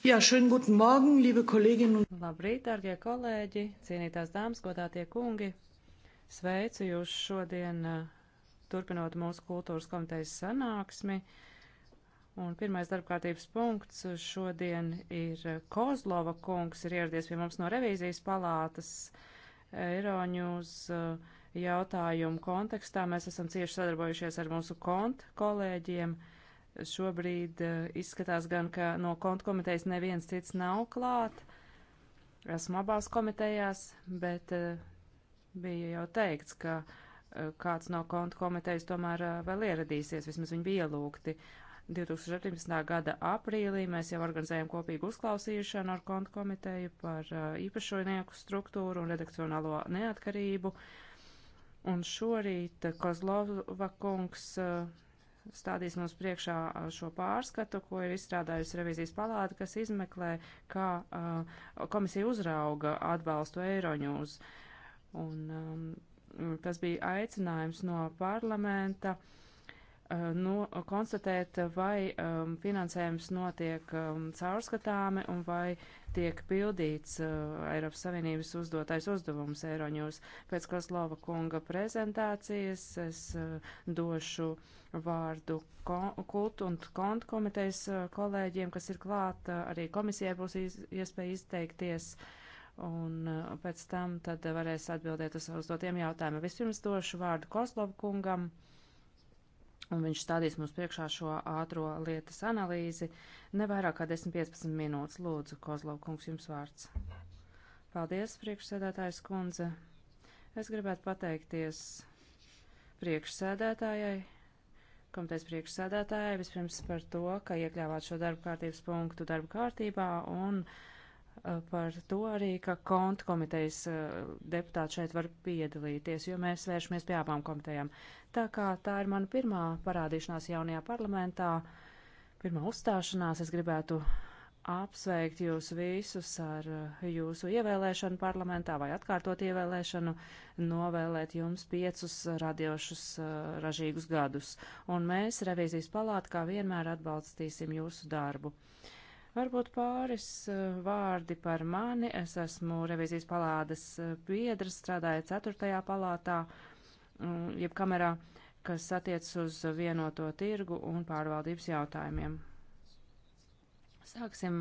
Jā, šodien guten morgen, liebe kolēģini. Labrīt, dārgie kolēģi, cienītās dāmas, godātie kungi. Sveicu jūs šodien, eh, turpinot mūsu kultūras komitejas sanāksmi. Un pirmais darbkārtības punkts šodien ir eh, Kozlova kungs, ir ieradies pie mums no revīzijas palātas Eiroņūs eh, jautājumu kontekstā. Mēs esam cieši sadarbojušies ar mūsu kont kolēģiem. Uh, Šobrīd eh, izskatās gan, ka no konta komitejas neviens cits nav klāt. Esmu abās komitejās, bet eh, bija jau teikts, ka eh, kāds no konta komitejas tomēr vēl ieradīsies, vismaz viņi bija ielūgti. 2017. gada aprīlī mēs jau organizējam kopīgu uzklausīšanu ar kontu komiteju par īpašojnieku struktūru un redakcionālo neatkarību. Un šorīt Kozlova kungs uh, stādīs mums priekšā šo pārskatu, ko ir izstrādājusi revizijas palāta, kas izmeklē, kā uh, komisija uzrauga atbalstu Eiroņūs. Un um, tas bija aicinājums no parlamenta uh, Eh, no, nu, konstatēt, vai um, finansējums notiek um, caurskatāmi un vai tiek pildīts uh, Eiropas Savienības uzdotais uzdevums Eiroņūs. Pēc Kraslova kunga prezentācijas es uh, došu vārdu kultu un kontu komitejas uh, kolēģiem, kas ir klāt, uh, arī komisijai būs iz, iespēja izteikties. Un uh, pēc tam tad varēs atbildēt uz uzdotiem jautājumiem. Vispirms došu vārdu Koslova kungam. Uh, un viņš stādīs mums priekšā šo ātro lietas analīzi. Nevairāk kā 10-15 minūtes. Lūdzu, Kozlov kungs, jums vārds. Paldies, priekšsēdētājs kundze. Es gribētu pateikties priekšsēdētājai, komitejas priekšsēdētājai vispirms par to, ka iekļāvāt šo darba kārtības punktu darba kārtībā un uh, Eh, par to arī, ka konta komitejas eh, deputāti šeit var piedalīties, jo mēs vēršamies pie abām komitejām. Tā kā tā ir mana pirmā parādīšanās jaunajā parlamentā, pirmā uzstāšanās, es gribētu apsveikt jūs visus ar eh, jūsu ievēlēšanu parlamentā vai atkārtot ievēlēšanu, novēlēt jums piecus radiošus ražīgus gadus. Un mēs, revīzijas palāta, kā vienmēr atbalstīsim jūsu darbu. Uh, Varbūt pāris eh, vārdi par mani. Es esmu revizijas palādes eh, biedrs, strādāju 4. palātā, mm, jeb kamerā, kas attiecas uz vienoto tirgu un pārvaldības jautājumiem. Sāksim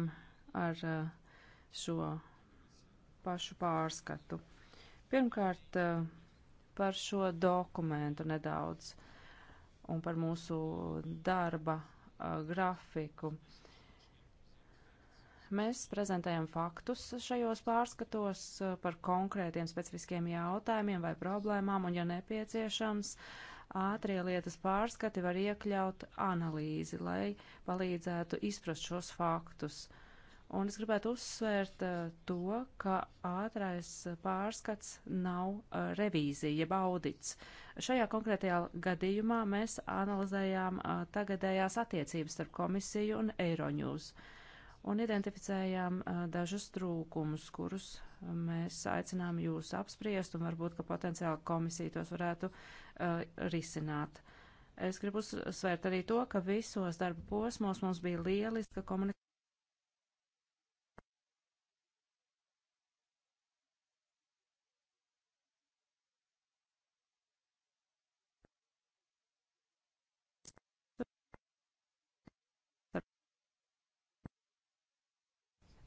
ar eh, šo pašu pārskatu. Pirmkārt, par šo dokumentu nedaudz un par mūsu darba grafiku. Uh, Mēs prezentējam faktus šajos pārskatos eh, par konkrētiem specifiskiem jautājumiem vai problēmām, un, ja nepieciešams, ātrie lietas pārskati var iekļaut analīzi, lai palīdzētu izprast šos faktus. Un es gribētu uzsvērt eh, to, ka ātrais pārskats nav eh, revīzija, jeb audits. Šajā konkrētajā gadījumā mēs analizējām tagadējās attiecības starp komisiju un Eironews. Uh, un identificējām uh, dažus trūkumus, kurus mēs aicinām jūs apspriest, un varbūt, ka potenciāli komisija tos varētu uh, risināt. Es gribu uzsvērt arī to, ka visos darba posmos mums bija lieliska komunikācija.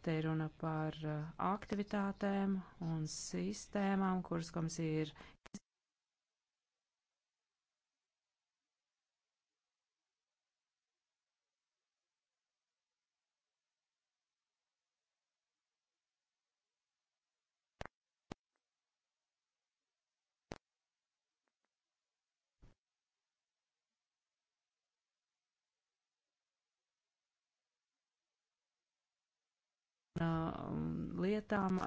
Te ir runa par eh, aktivitātēm un sistēmām, kuras komisija ir Um, lietām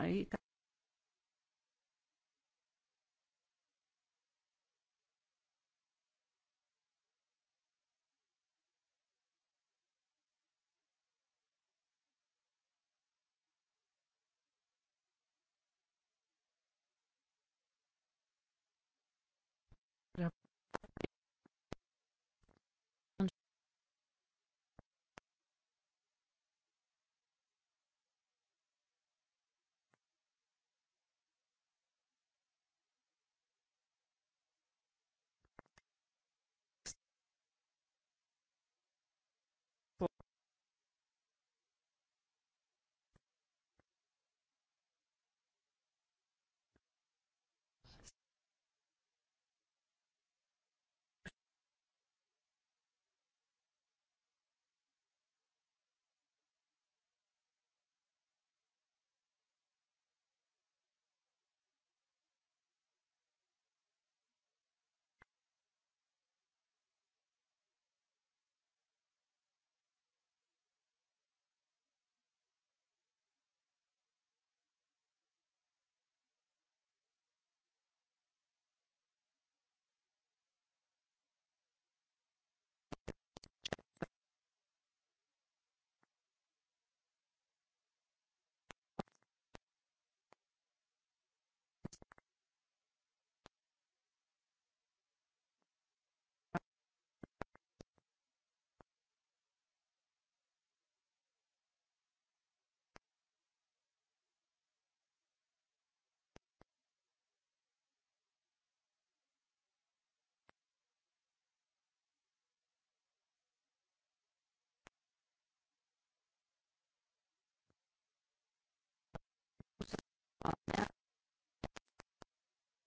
on that.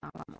Um,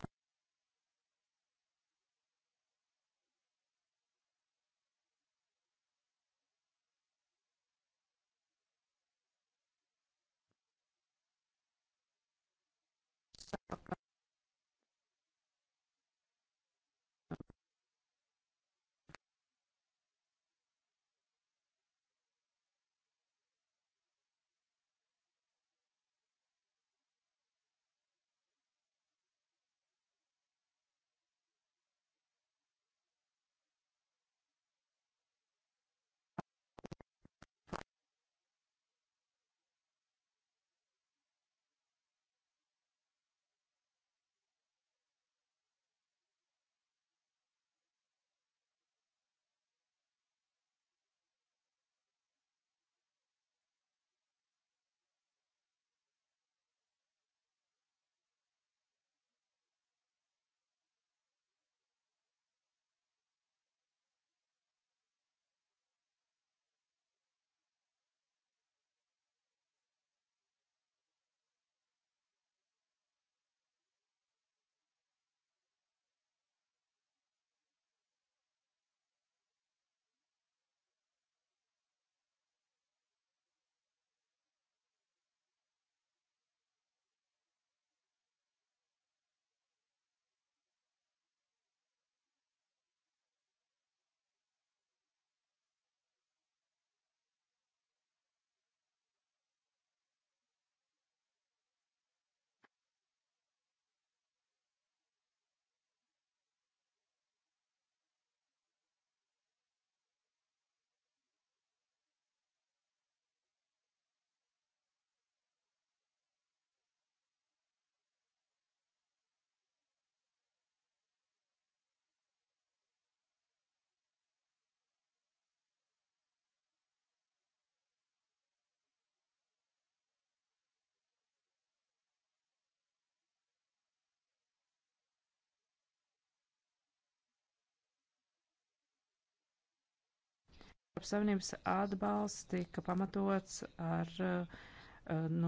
Eiropas Savienības atbalsts tika pamatots ar eh, no nu,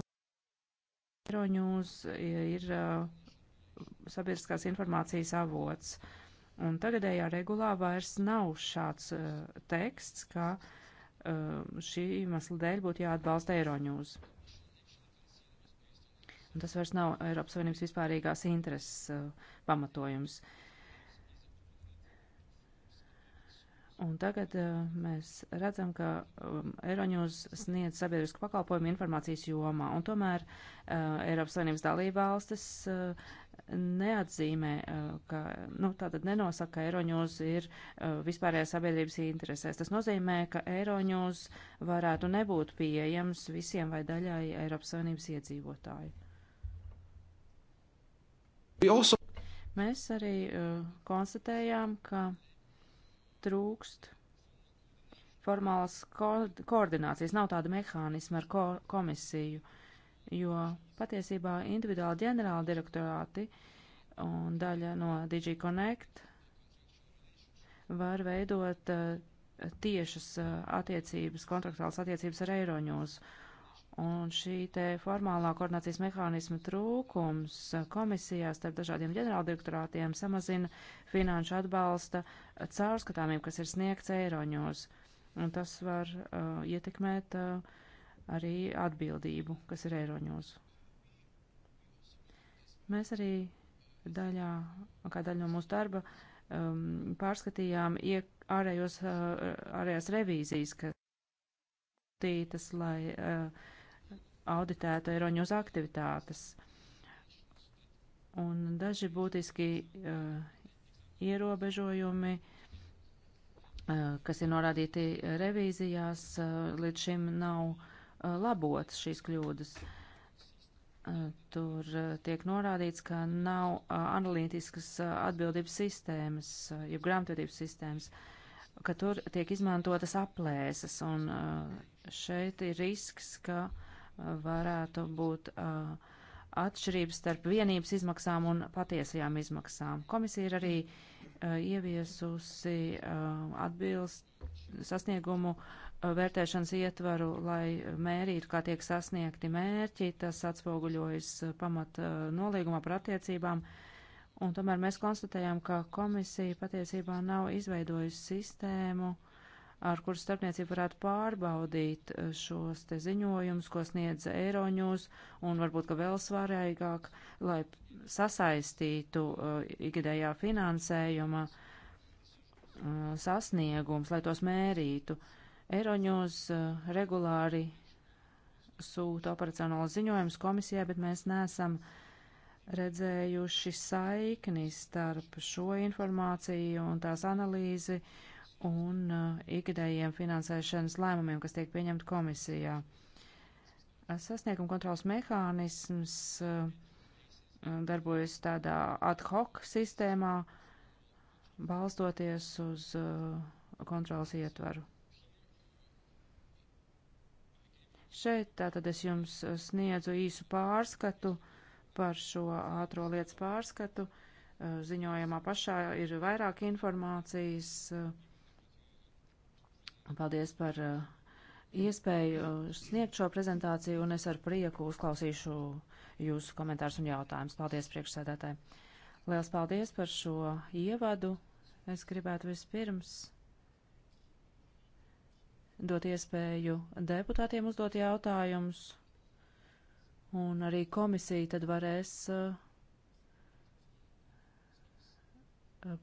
Euronews ir eh, sabiedriskās informācijas avots. Un tagadējā regulā vairs nav šāds uh, teksts, ka uh, šī iemesla dēļ būtu jāatbalsta Eironews. Un tas vairs nav Eiropas Savienības vispārīgās intereses uh, pamatojums. Uh, Un tagad uh, mēs redzam, ka um, Eiroņūs sniedz sabiedrisku pakalpojumu informācijas jomā, un tomēr uh, Eiropas Savienības dalībvalstis uh, neatzīmē, uh, ka, nu, tātad nenosaka, ka Eiroņūs ir uh, vispārējā sabiedrības interesēs. Tas nozīmē, ka Eiroņūs varētu nebūt pieejams visiem vai daļai Eiropas Savienības iedzīvotāju. Mēs arī uh, konstatējām, ka trūkst formālas ko koordinācijas, nav tāda mehānisma ar ko komisiju, jo patiesībā individuāli ģenerāli direktorāti un daļa no DG Connect var veidot uh, tiešas uh, attiecības, kontraktuālas attiecības ar Eiroņūs. Uh, Un šī te formālā koordinācijas mehānisma trūkums komisijā starp dažādiem ģenerāldirektorātiem samazina finanšu atbalsta caurskatāmību, kas ir sniegts eiroņos. Un tas var uh, ietekmēt uh, arī atbildību, kas ir eiroņos. Mēs arī daļā, kā daļa no mūsu darba, um, pārskatījām ārējos, uh, ārējās revīzijas, kas tītas, lai uh, auditētu Eiroņuz aktivitātes. Un daži būtiski uh, ierobežojumi, uh, kas ir norādīti revīzijās, uh, līdz šim nav uh, labotas šīs kļūdas. Uh, tur uh, tiek norādīts, ka nav uh, analītiskas uh, atbildības sistēmas, uh, jeb grāmatvedības sistēmas, ka tur tiek izmantotas aplēses, un uh, šeit ir risks, ka uh, varētu būt uh, atšķirības starp vienības izmaksām un patiesajām izmaksām. Komisija ir arī uh, ieviesusi uh, atbilst sasniegumu vērtēšanas ietvaru, lai mērītu, kā tiek sasniegti mērķi. Tas atspoguļojas pamat nolīgumā par attiecībām. Un tomēr mēs konstatējām, ka komisija patiesībā nav izveidojusi sistēmu uh, ar kur starpniecību varētu pārbaudīt eh, šos te ziņojumus, ko sniedz Eiroņūs, un varbūt, ka vēl svarīgāk, lai sasaistītu uh, ikgadējā finansējuma uh, sasniegums, lai tos mērītu. Eiroņūs uh, regulāri sūta operacionālo ziņojumus komisijai, bet mēs neesam redzējuši saikni starp šo informāciju un tās analīzi, uh, un uh, ikgadējiem finansēšanas lēmumiem, kas tiek pieņemti komisijā. Sasnieguma kontrols mehānisms uh, darbojas tādā ad hoc sistēmā, balstoties uz uh, kontrols ietvaru. Šeit tātad es jums sniedzu īsu pārskatu par šo ātro lietas pārskatu. Ziņojumā pašā ir vairāk informācijas. Paldies par eh, iespēju eh, sniegt šo prezentāciju, un es ar prieku uzklausīšu jūsu komentārus un jautājumus. Paldies, priekšsēdētāji! Liels paldies par šo ievadu! Es gribētu vispirms dot iespēju deputātiem uzdot jautājumus, un arī komisija tad varēs eh,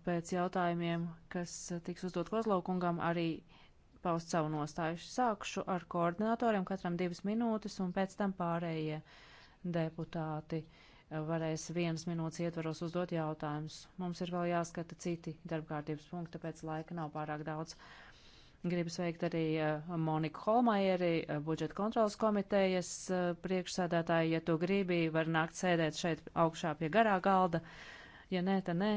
pēc jautājumiem, kas tiks uzdot Kozlaukungam, arī paust savu nostāju. Sākšu ar koordinatoriem, katram divas minūtes, un pēc tam pārējie deputāti varēs vienas minūtes ietvaros uzdot jautājumus. Mums ir vēl jāskata citi darbkārtības punkti, tāpēc laika nav pārāk daudz. Gribu sveikt arī eh, Moniku Holmaieri, eh, budžeta kontrolas komitejas eh, priekšsēdētāju. Ja tu gribi, var nākt sēdēt šeit augšā pie garā galda. Ja nē, tad nē.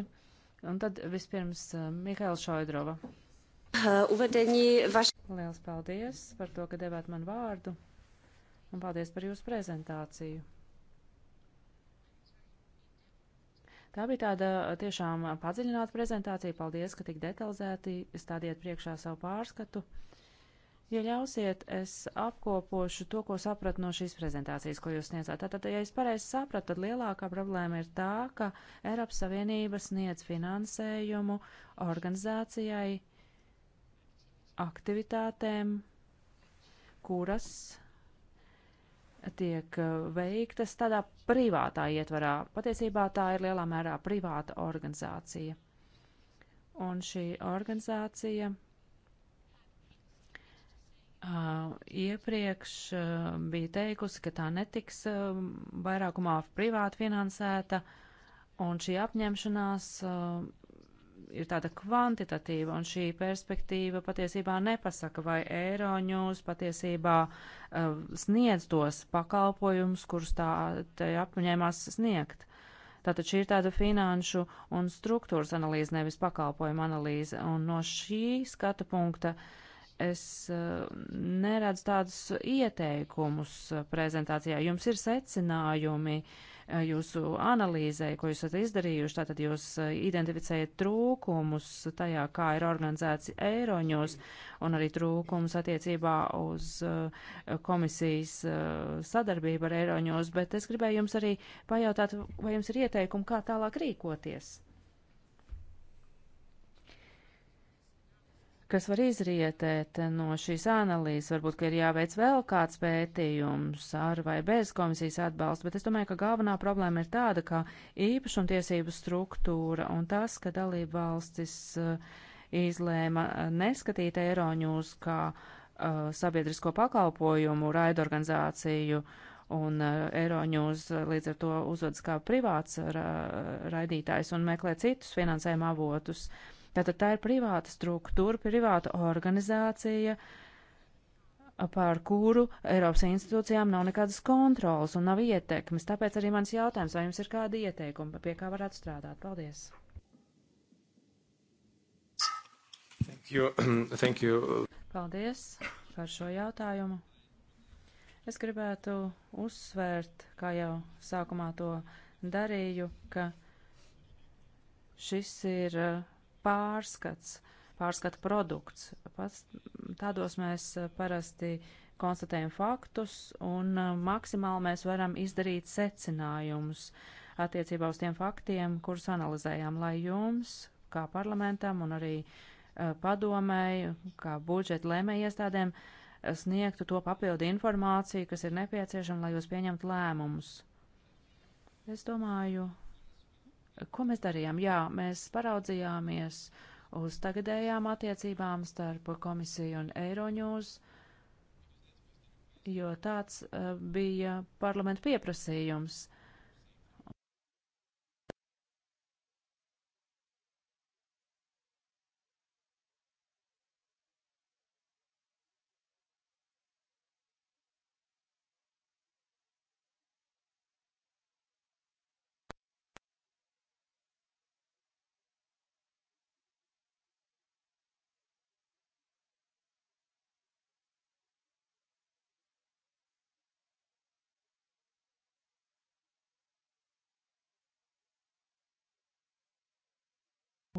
Un tad vispirms Mihaila Šoidrova. Eh, uvedení vaš... Liels paldies par to, ka devāt man vārdu, un paldies par jūsu prezentāciju. Tā bija tāda eh, tiešām padziļināta prezentācija. Paldies, ka tik detalizēti stādījāt priekšā savu pārskatu. Ja ļausiet, es apkopošu to, ko sapratu no šīs prezentācijas, ko jūs sniedzāt. Tātad, ja es pareizi sapratu, tad lielākā problēma ir tā, ka Eiropas Savienība sniedz finansējumu organizācijai, aktivitātēm, kuras tiek uh, veiktas tādā privātā ietvarā. Patiesībā tā ir lielā mērā privāta organizācija. Un šī organizācija Uh, iepriekš uh, bija teikusi, ka tā netiks uh, vairākumā privāti finansēta, un šī apņemšanās uh, ir tāda kvantitatīva, un šī perspektīva patiesībā nepasaka, vai Eiroņūs patiesībā uh, sniedz tos pakalpojumus, kurus tā apņēmās sniegt. Tātad šī ir tāda finanšu un struktūras analīze, nevis pakalpojuma analīze, un no šī skata punkta es uh, neredzu tādus ieteikumus prezentācijā. Jums ir secinājumi. Uh, Eh, jūsu analīzē, ko jūs esat izdarījuši. Tātad jūs eh, identificējat trūkumus tajā, kā ir organizēts eiroņos, un arī trūkumus attiecībā uz eh, komisijas sadarbību ar eiroņos. Bet es gribēju jums arī pajautāt, vai jums ir ieteikumi, kā tālāk rīkoties? kas var izrietēt no šīs analīzes. Varbūt, ka ir jāveic vēl kāds pētījums ar vai bez komisijas atbalsta, bet es domāju, ka galvenā problēma ir tāda, ka īpašumtiesību struktūra un tas, ka dalība valstis uh, izlēma uh, neskatīt Eiroņūs kā uh, sabiedrisko pakalpojumu raidorganizāciju un uh, Eiroņūs uh, līdz ar to uzvedas kā privāts ra raidītājs un meklē citus finansējuma avotus. Uh, Tātad tā ir privāta struktūra, privāta organizācija, pār kuru Eiropas institūcijām nav nekādas kontrolas un nav ietekmes. Tāpēc arī mans jautājums, vai jums ir kādi ieteikumi, pie kā varētu strādāt? Paldies! Thank you. Thank you. Paldies par šo jautājumu. Es gribētu uzsvērt, kā jau sākumā to darīju, ka šis ir pārskats, pārskata produkts. Pats tādos mēs eh, parasti konstatējam faktus un eh, maksimāli mēs varam izdarīt secinājumus attiecībā uz tiem faktiem, kurus analizējām, lai jums, kā parlamentam un arī uh, eh, padomēju, kā budžeta lēmēja iestādēm, sniegtu to papildu informāciju, kas ir nepieciešama, lai jūs pieņemtu lēmumus. Es domāju, Ko mēs darījām? Jā, mēs paraudzījāmies uz tagadējām attiecībām starp komisiju un Eiroņūs, jo tāds eh, bija parlamenta pieprasījums. Uh,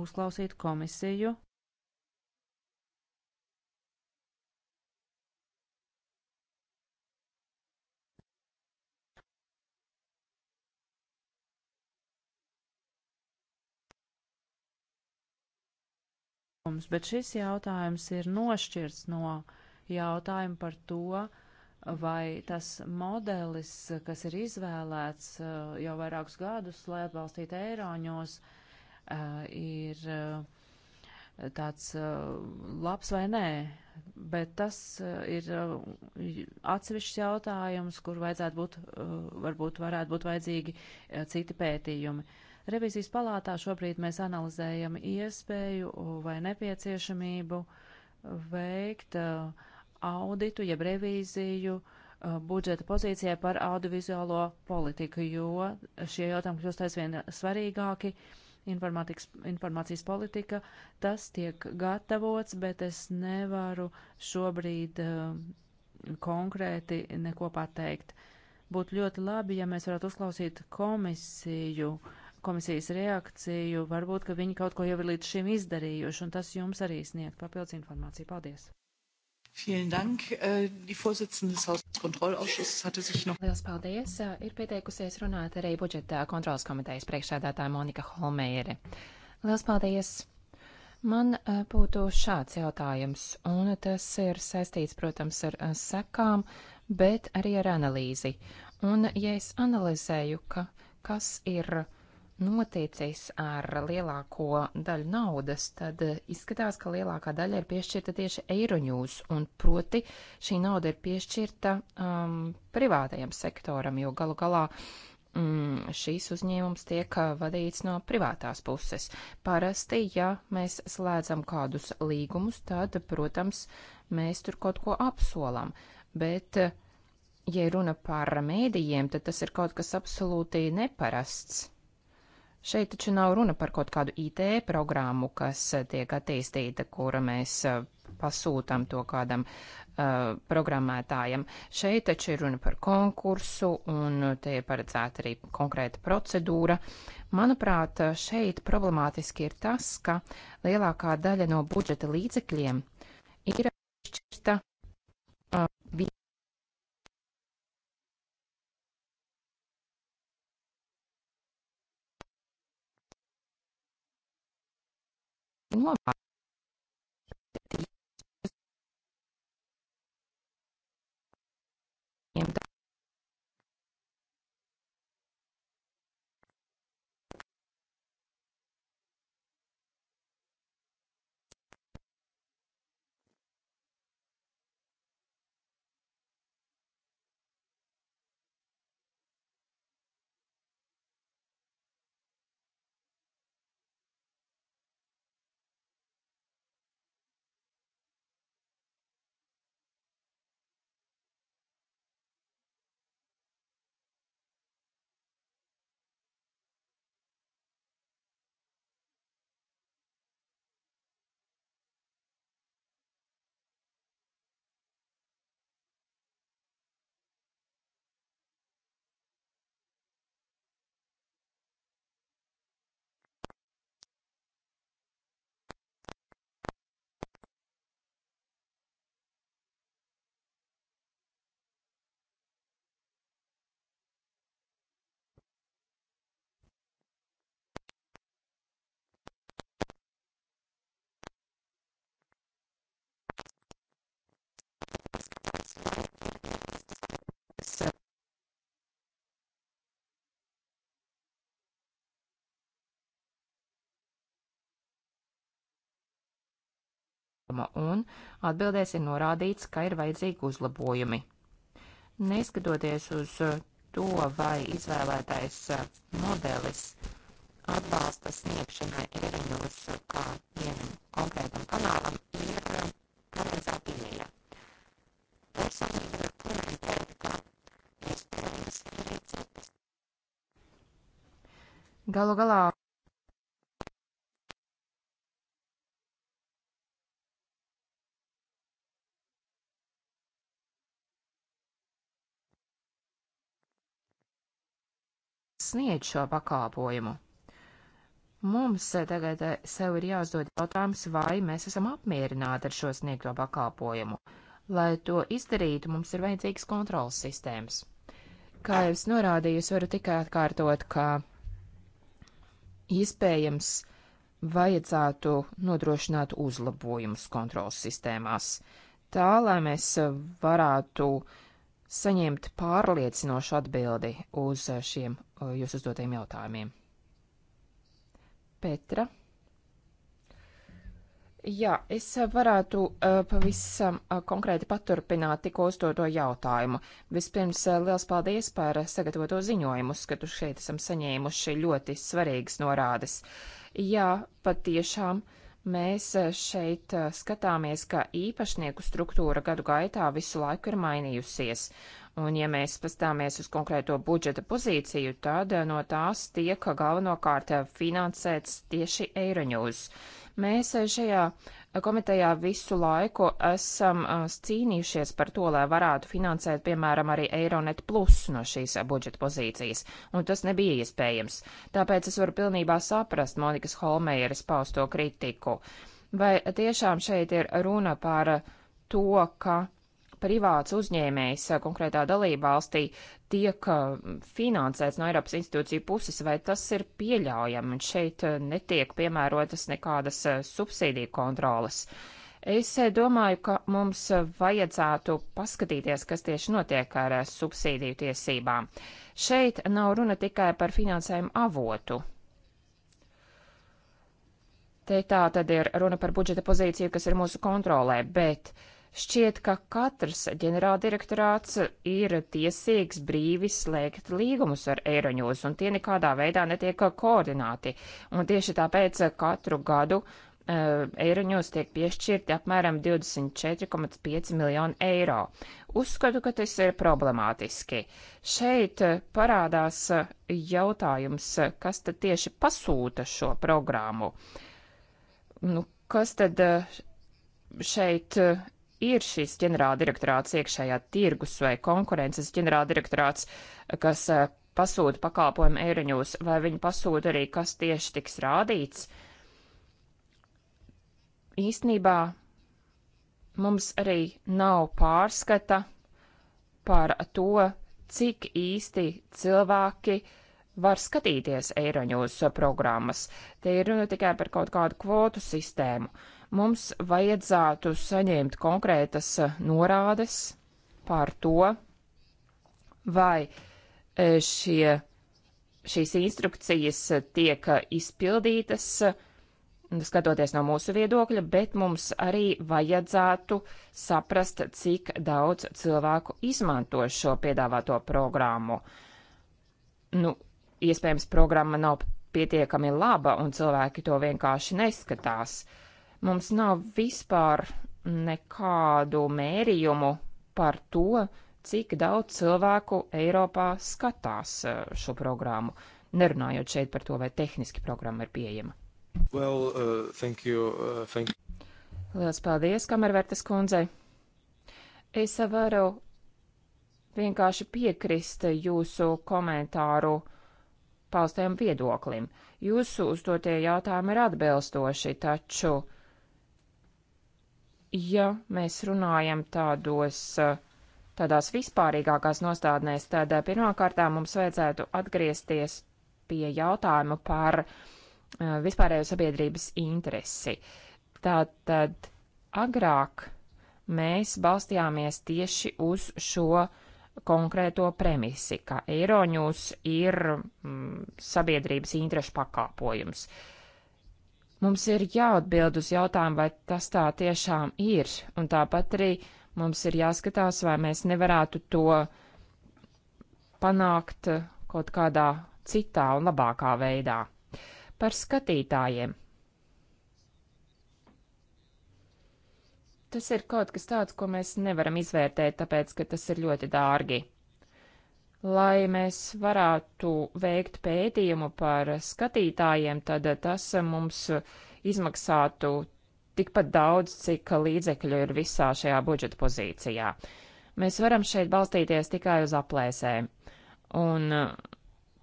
uzklausīt komisiju. jums, bet šis jautājums ir nošķirts no jautājuma par to, vai tas modelis, kas ir izvēlēts eh, jau vairākus gadus, lai atbalstītu eiroņos, uh, Eh, ir eh, tāds eh, labs vai nē, bet tas ir atsevišķs jautājums, kur vajadzētu būt, varbūt varētu būt vajadzīgi citi pētījumi. Revizijas palātā šobrīd mēs analizējam iespēju vai nepieciešamību veikt auditu, jeb revīziju budžeta pozīcijai par audiovizuālo politiku, jo šie jautājumi kļūst aizvien svarīgāki. Uh, informācijas politika. Tas tiek gatavots, bet es nevaru šobrīd uh, konkrēti neko pateikt. Būtu ļoti labi, ja mēs varētu uzklausīt komisiju, komisijas reakciju, varbūt, ka viņi kaut ko jau ir līdz šim izdarījuši, un tas jums arī sniegt papildus informāciju. Paldies! Vielen Dank. Äh, die Vorsitzende des Haushaltskontrollausschusses hatte sich noch. Lielas paldies. Äh, ir pieteikusies runāt arī budžeta kontrolas komitejas priekšsēdētāja Monika Holmeire. Lielas paldies. Man äh, būtu šāds jautājums, un tas ir saistīts, protams, ar sekām, bet arī ar analīzi. Un, ja es analizēju, ka kas ir uh, noticis ar lielāko daļu naudas, tad izskatās, ka lielākā daļa ir piešķirta tieši eiroņūs, un proti šī nauda ir piešķirta um, privātajam sektoram, jo galu galā mm, šīs uzņēmums tiek vadīts no privātās puses. Parasti, ja mēs slēdzam kādus līgumus, tad, protams, mēs tur kaut ko apsolam, bet ja runa par mēdījiem, tad tas ir kaut kas absolūti neparasts. Šeit taču nav runa par kaut kādu IT programmu, kas tiek attīstīta, kura mēs eh, pasūtām to kādam uh, programmētājam. Šeit taču ir runa par konkursu un te ir paredzēta arī konkrēta procedūra. Manuprāt, šeit problemātiski ir tas, ka lielākā daļa no budžeta līdzekļiem ir šķirta uh, eh, novā priekšlikuma, un atbildēs ir norādīts, ka ir vajadzīgi uzlabojumi. Neskatoties uz uh, to, vai izvēlētais uh, modelis atbalsta sniegšanai ierīnos uh, kā vienam konkrētam kanālam, ir pareizā pieeja. Personīgi var komentēt, ka iespējams ir citas. Galu galā sniedz šo pakalpojumu. Mums tagad eh, sev ir jāuzdod jautājums, vai mēs esam apmierināti ar šo sniegto pakalpojumu. Lai to izdarītu, mums ir vajadzīgs kontrols sistēmas. Kā jau es norādīju, es varu tikai atkārtot, ka iespējams vajadzētu nodrošināt uzlabojumus kontrols sistēmās, tā lai mēs varētu saņemt pārliecinošu atbildi uz šiem Uh, jūs uzdotajiem jautājumiem. Petra. Jā, es varētu uh, pavisam uh, konkrēti paturpināt tikko uzdoto jautājumu. Vispirms uh, liels paldies par sagatavoto ziņojumu. Uzskatu, šeit esam saņēmuši ļoti svarīgas norādes. Jā, patiešām mēs uh, šeit uh, skatāmies, ka īpašnieku struktūra gadu gaitā visu laiku ir mainījusies, Un ja mēs pastāmies uz konkrēto budžeta pozīciju, tad eh, no tās tiek galvenokārt eh, finansēts tieši Eiroņūs. Mēs eh, šajā komitejā visu laiku esam cīnījušies par to, lai varētu finansēt, piemēram, arī Eironet Plus no šīs budžeta pozīcijas, un tas nebija iespējams. Tāpēc es varu pilnībā saprast Monikas Holmeieres pausto kritiku. Vai tiešām šeit ir runa par to, ka privāts uzņēmējs konkrētā dalībvalstī tiek finansēts no Eiropas institūciju puses, vai tas ir pieļaujami, un šeit netiek piemērotas nekādas subsīdiju kontrolas. Es domāju, ka mums vajadzētu paskatīties, kas tieši notiek ar subsīdiju tiesībām. Šeit nav runa tikai par finansējumu avotu. Te tā tad ir runa par budžeta pozīciju, kas ir mūsu kontrolē, bet uh, Šķiet, ka katrs ģenerāldirektorāts ir tiesīgs brīvi slēgt līgumus ar eiroņos, un tie nekādā veidā netiek koordināti. Un tieši tāpēc katru gadu uh, eiroņos tiek piešķirti apmēram 24,5 miljonu eiro. Uzskatu, ka tas ir problemātiski. Šeit parādās jautājums, kas tad tieši pasūta šo programmu. Nu, kas tad e, šeit ir šis ģenerāldirektorāts iekšējā tirgus vai konkurences ģenerāldirektorāts, kas eh, pasūta pakalpojumu eiriņos, vai viņi pasūta arī, kas tieši tiks rādīts. Īsnībā mums arī nav pārskata par to, cik īsti cilvēki var skatīties eiriņos programmas. Te ir runa tikai par kaut kādu kvotu sistēmu. Uh, Mums vajadzētu saņemt konkrētas eh, norādes par to, vai eh, šie, šīs instrukcijas tiek izpildītas, eh, skatoties no mūsu viedokļa, bet mums arī vajadzētu saprast, cik daudz cilvēku izmanto šo piedāvāto programmu. Nu, iespējams, programma nav pietiekami laba un cilvēki to vienkārši neskatās. Uh, Mums nav vispār nekādu mērījumu par to, cik daudz cilvēku Eiropā skatās eh, šo programmu, nerunājot šeit par to, vai tehniski programma ir pieejama. Well, uh, thank you, uh, thank you. Lielas paldies, kamervērtas kundzei. Es varu vienkārši piekrist jūsu komentāru paustajam viedoklim. Jūsu uzdotie jautājumi ir atbilstoši, taču ja mēs runājam tādos, tādās vispārīgākās nostādnēs, tad eh, pirmkārtā mums vajadzētu atgriezties pie jautājuma par eh, vispārējo sabiedrības interesi. Tātad agrāk mēs balstījāmies tieši uz šo konkrēto premisi, ka Eiroņus ir mm, sabiedrības interešu pakāpojums. Uh, Mums ir jāatbild uz jautājumu, vai tas tā tiešām ir, un tāpat arī mums ir jāskatās, vai mēs nevarētu to panākt kaut kādā citā un labākā veidā. Par skatītājiem. Tas ir kaut kas tāds, ko mēs nevaram izvērtēt, tāpēc, ka tas ir ļoti dārgi. Lai mēs varētu veikt pētījumu par skatītājiem, tad tas mums izmaksātu tikpat daudz, cik līdzekļu ir visā šajā budžeta pozīcijā. Mēs varam šeit balstīties tikai uz aplēsēm. Un uh,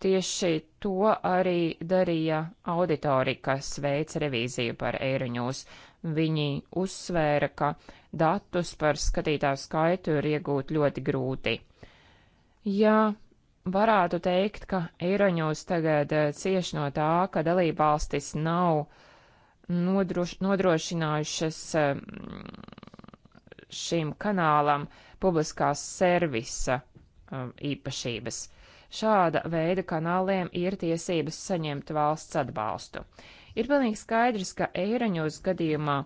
tieši to arī darīja auditori, kas veica revīziju par Eiroņūs. Viņi uzsvēra, ka datus par skatītāju skaitu ir iegūt ļoti grūti. Ja varētu teikt, ka Eiroņūs tagad eh, cieš no tā, ka dalībvalstis nav nodroš nodrošinājušas eh, šim kanālam publiskās servisa eh, īpašības. Šāda veida kanāliem ir tiesības saņemt valsts atbalstu. Ir pilnīgi skaidrs, ka Eiroņūs gadījumā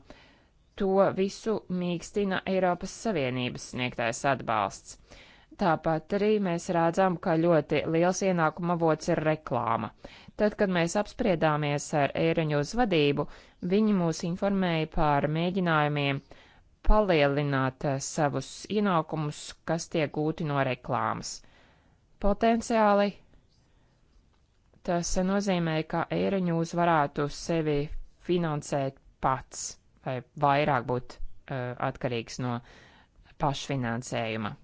to visu mīkstina Eiropas Savienības sniegtais atbalsts. Tāpat arī mēs redzam, ka ļoti liels ienākuma avots ir reklāma. Tad, kad mēs apspriedāmies ar Eiriņu uzvadību, viņi mūs informēja par mēģinājumiem palielināt eh, savus ienākumus, kas tiek gūti no reklāmas. Potenciāli tas nozīmē, ka Eiriņūs varētu sevi finansēt pats vai vairāk būt uh, atkarīgs no pašfinansējuma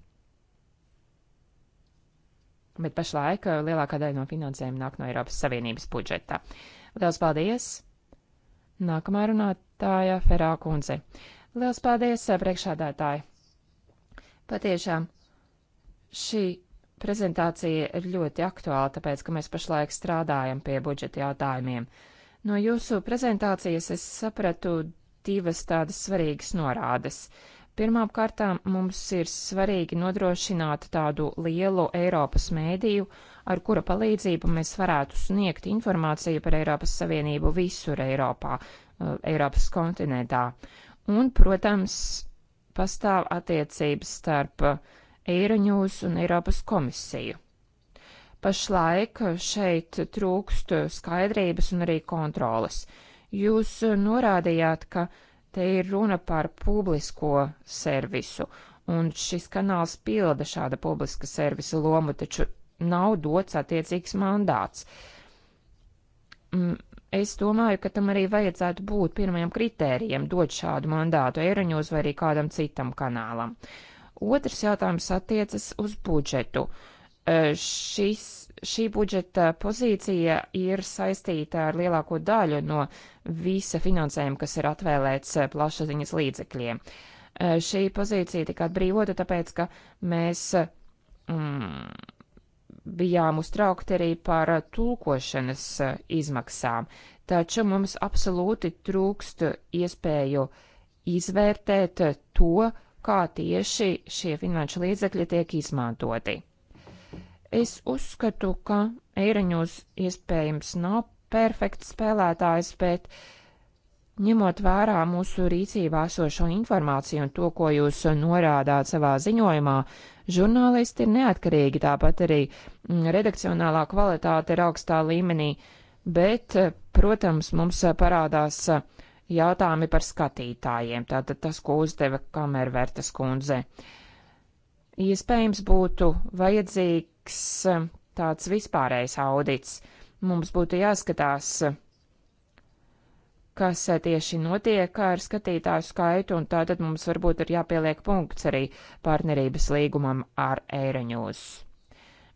bet pašlaik eh, lielākā daļa no finansējuma nāk no Eiropas Savienības budžeta. Liels paldies! Nākamā runātāja Ferā kundze. Liels paldies, eh, priekšādātāji! Patiešām šī prezentācija ir ļoti aktuāla, tāpēc, ka mēs pašlaik strādājam pie budžeta jautājumiem. No jūsu prezentācijas es sapratu divas tādas svarīgas norādes. Uh, Pirmām kārtām mums ir svarīgi nodrošināt tādu lielu Eiropas mēdīju, ar kura palīdzību mēs varētu sniegt informāciju par Eiropas Savienību visur Eiropā, uh, Eiropas kontinentā. Un, protams, pastāv attiecības starp Eiroņūs un Eiropas komisiju. Pašlaik šeit trūkst skaidrības un arī kontroles. Jūs norādījāt, ka uh, Te ir runa par publisko servisu, un šis kanāls pilda šāda publiska servisa lomu, taču nav dots attiecīgs mandāts. Mm, es domāju, ka tam arī vajadzētu būt pirmajam kritērijam dot šādu mandātu Eiroņos vai arī kādam citam kanālam. Otrs jautājums attiecas uz budžetu. Šis šī budžeta pozīcija ir saistīta ar lielāko daļu no visa finansējuma, kas ir atvēlēts eh, plašsaziņas līdzekļiem. Eh, šī pozīcija tika atbrīvota, tāpēc, ka mēs mm, bijām uztraukti arī par tulkošanas eh, izmaksām, taču mums absolūti trūkst iespēju izvērtēt to, kā tieši šie finanšu līdzekļi tiek izmantoti. Es uzskatu, ka Eiroņos iespējams nav perfekts spēlētājs, bet ņemot vērā mūsu rīcībā esošo informāciju un to, ko jūs norādāt savā ziņojumā, žurnālisti ir neatkarīgi, tāpat arī mm, redakcionālā kvalitāte ir augstā līmenī, bet, protams, mums parādās jautājumi par skatītājiem, tātad tas, ko uzdeva Kamervertas kundze. Uh, Iespējams būtu vajadzīgs eh, tāds vispārējs audits. Mums būtu jāskatās, eh, kas eh, tieši notiek ar skatītāju skaitu, un tātad mums varbūt ir jāpieliek punkts arī partnerības līgumam ar Eiroņūs.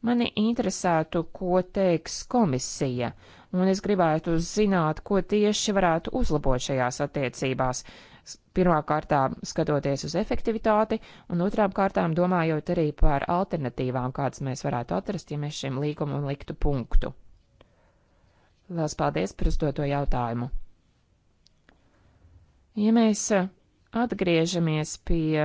Mani interesētu, ko teiks komisija, un es gribētu zināt, ko tieši varētu uzlabot šajās attiecībās, pirmām kārtām skatoties uz efektivitāti, un otrām kārtām domājot arī par alternatīvām, kādas mēs varētu atrast, ja mēs šim līgumam liktu punktu. Lielas paldies par uzdoto jautājumu. Ja mēs atgriežamies pie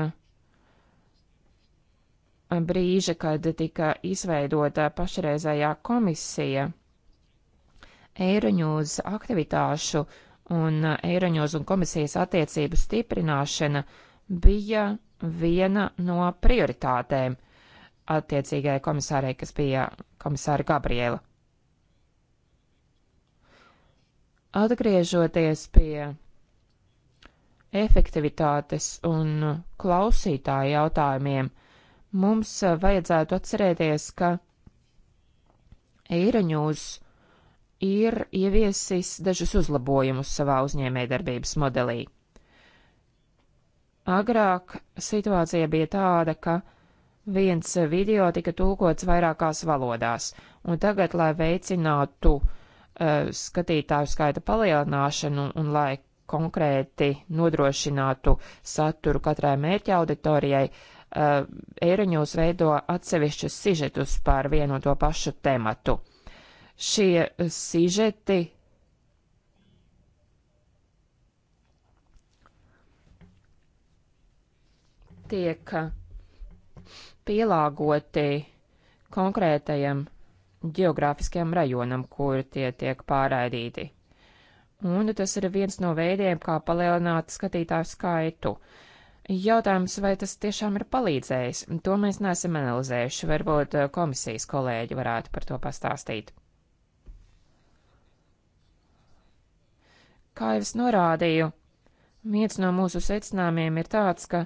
brīža, kad tika izveidota pašreizējā komisija, Eiroņūz aktivitāšu un uh, Eiroņos un komisijas attiecību stiprināšana bija viena no prioritātēm attiecīgajai komisārei, kas bija komisāra Gabriela. Atgriežoties pie efektivitātes un klausītāju jautājumiem, mums uh, vajadzētu atcerēties, ka Eiroņūs ir ieviesis dažus uzlabojumus savā uzņēmējdarbības modelī. Agrāk situācija bija tāda, ka viens video tika tulkots vairākās valodās, un tagad, lai veicinātu uh, skatītāju skaita palielināšanu un lai konkrēti nodrošinātu saturu katrai mērķa auditorijai, uh, eh, Eiroņūs veido atsevišķus sižetus par vienu un to pašu tematu šie sižeti. tiek pielāgoti konkrētajam geogrāfiskajam rajonam, kur tie tiek pārraidīti. Un tas ir viens no veidiem, kā palielināt skatītāju skaitu. Jautājums, vai tas tiešām ir palīdzējis, to mēs neesam analizējuši, varbūt eh, komisijas kolēģi varētu par to pastāstīt. Kā jau es norādīju, viens no mūsu secinājumiem ir tāds, ka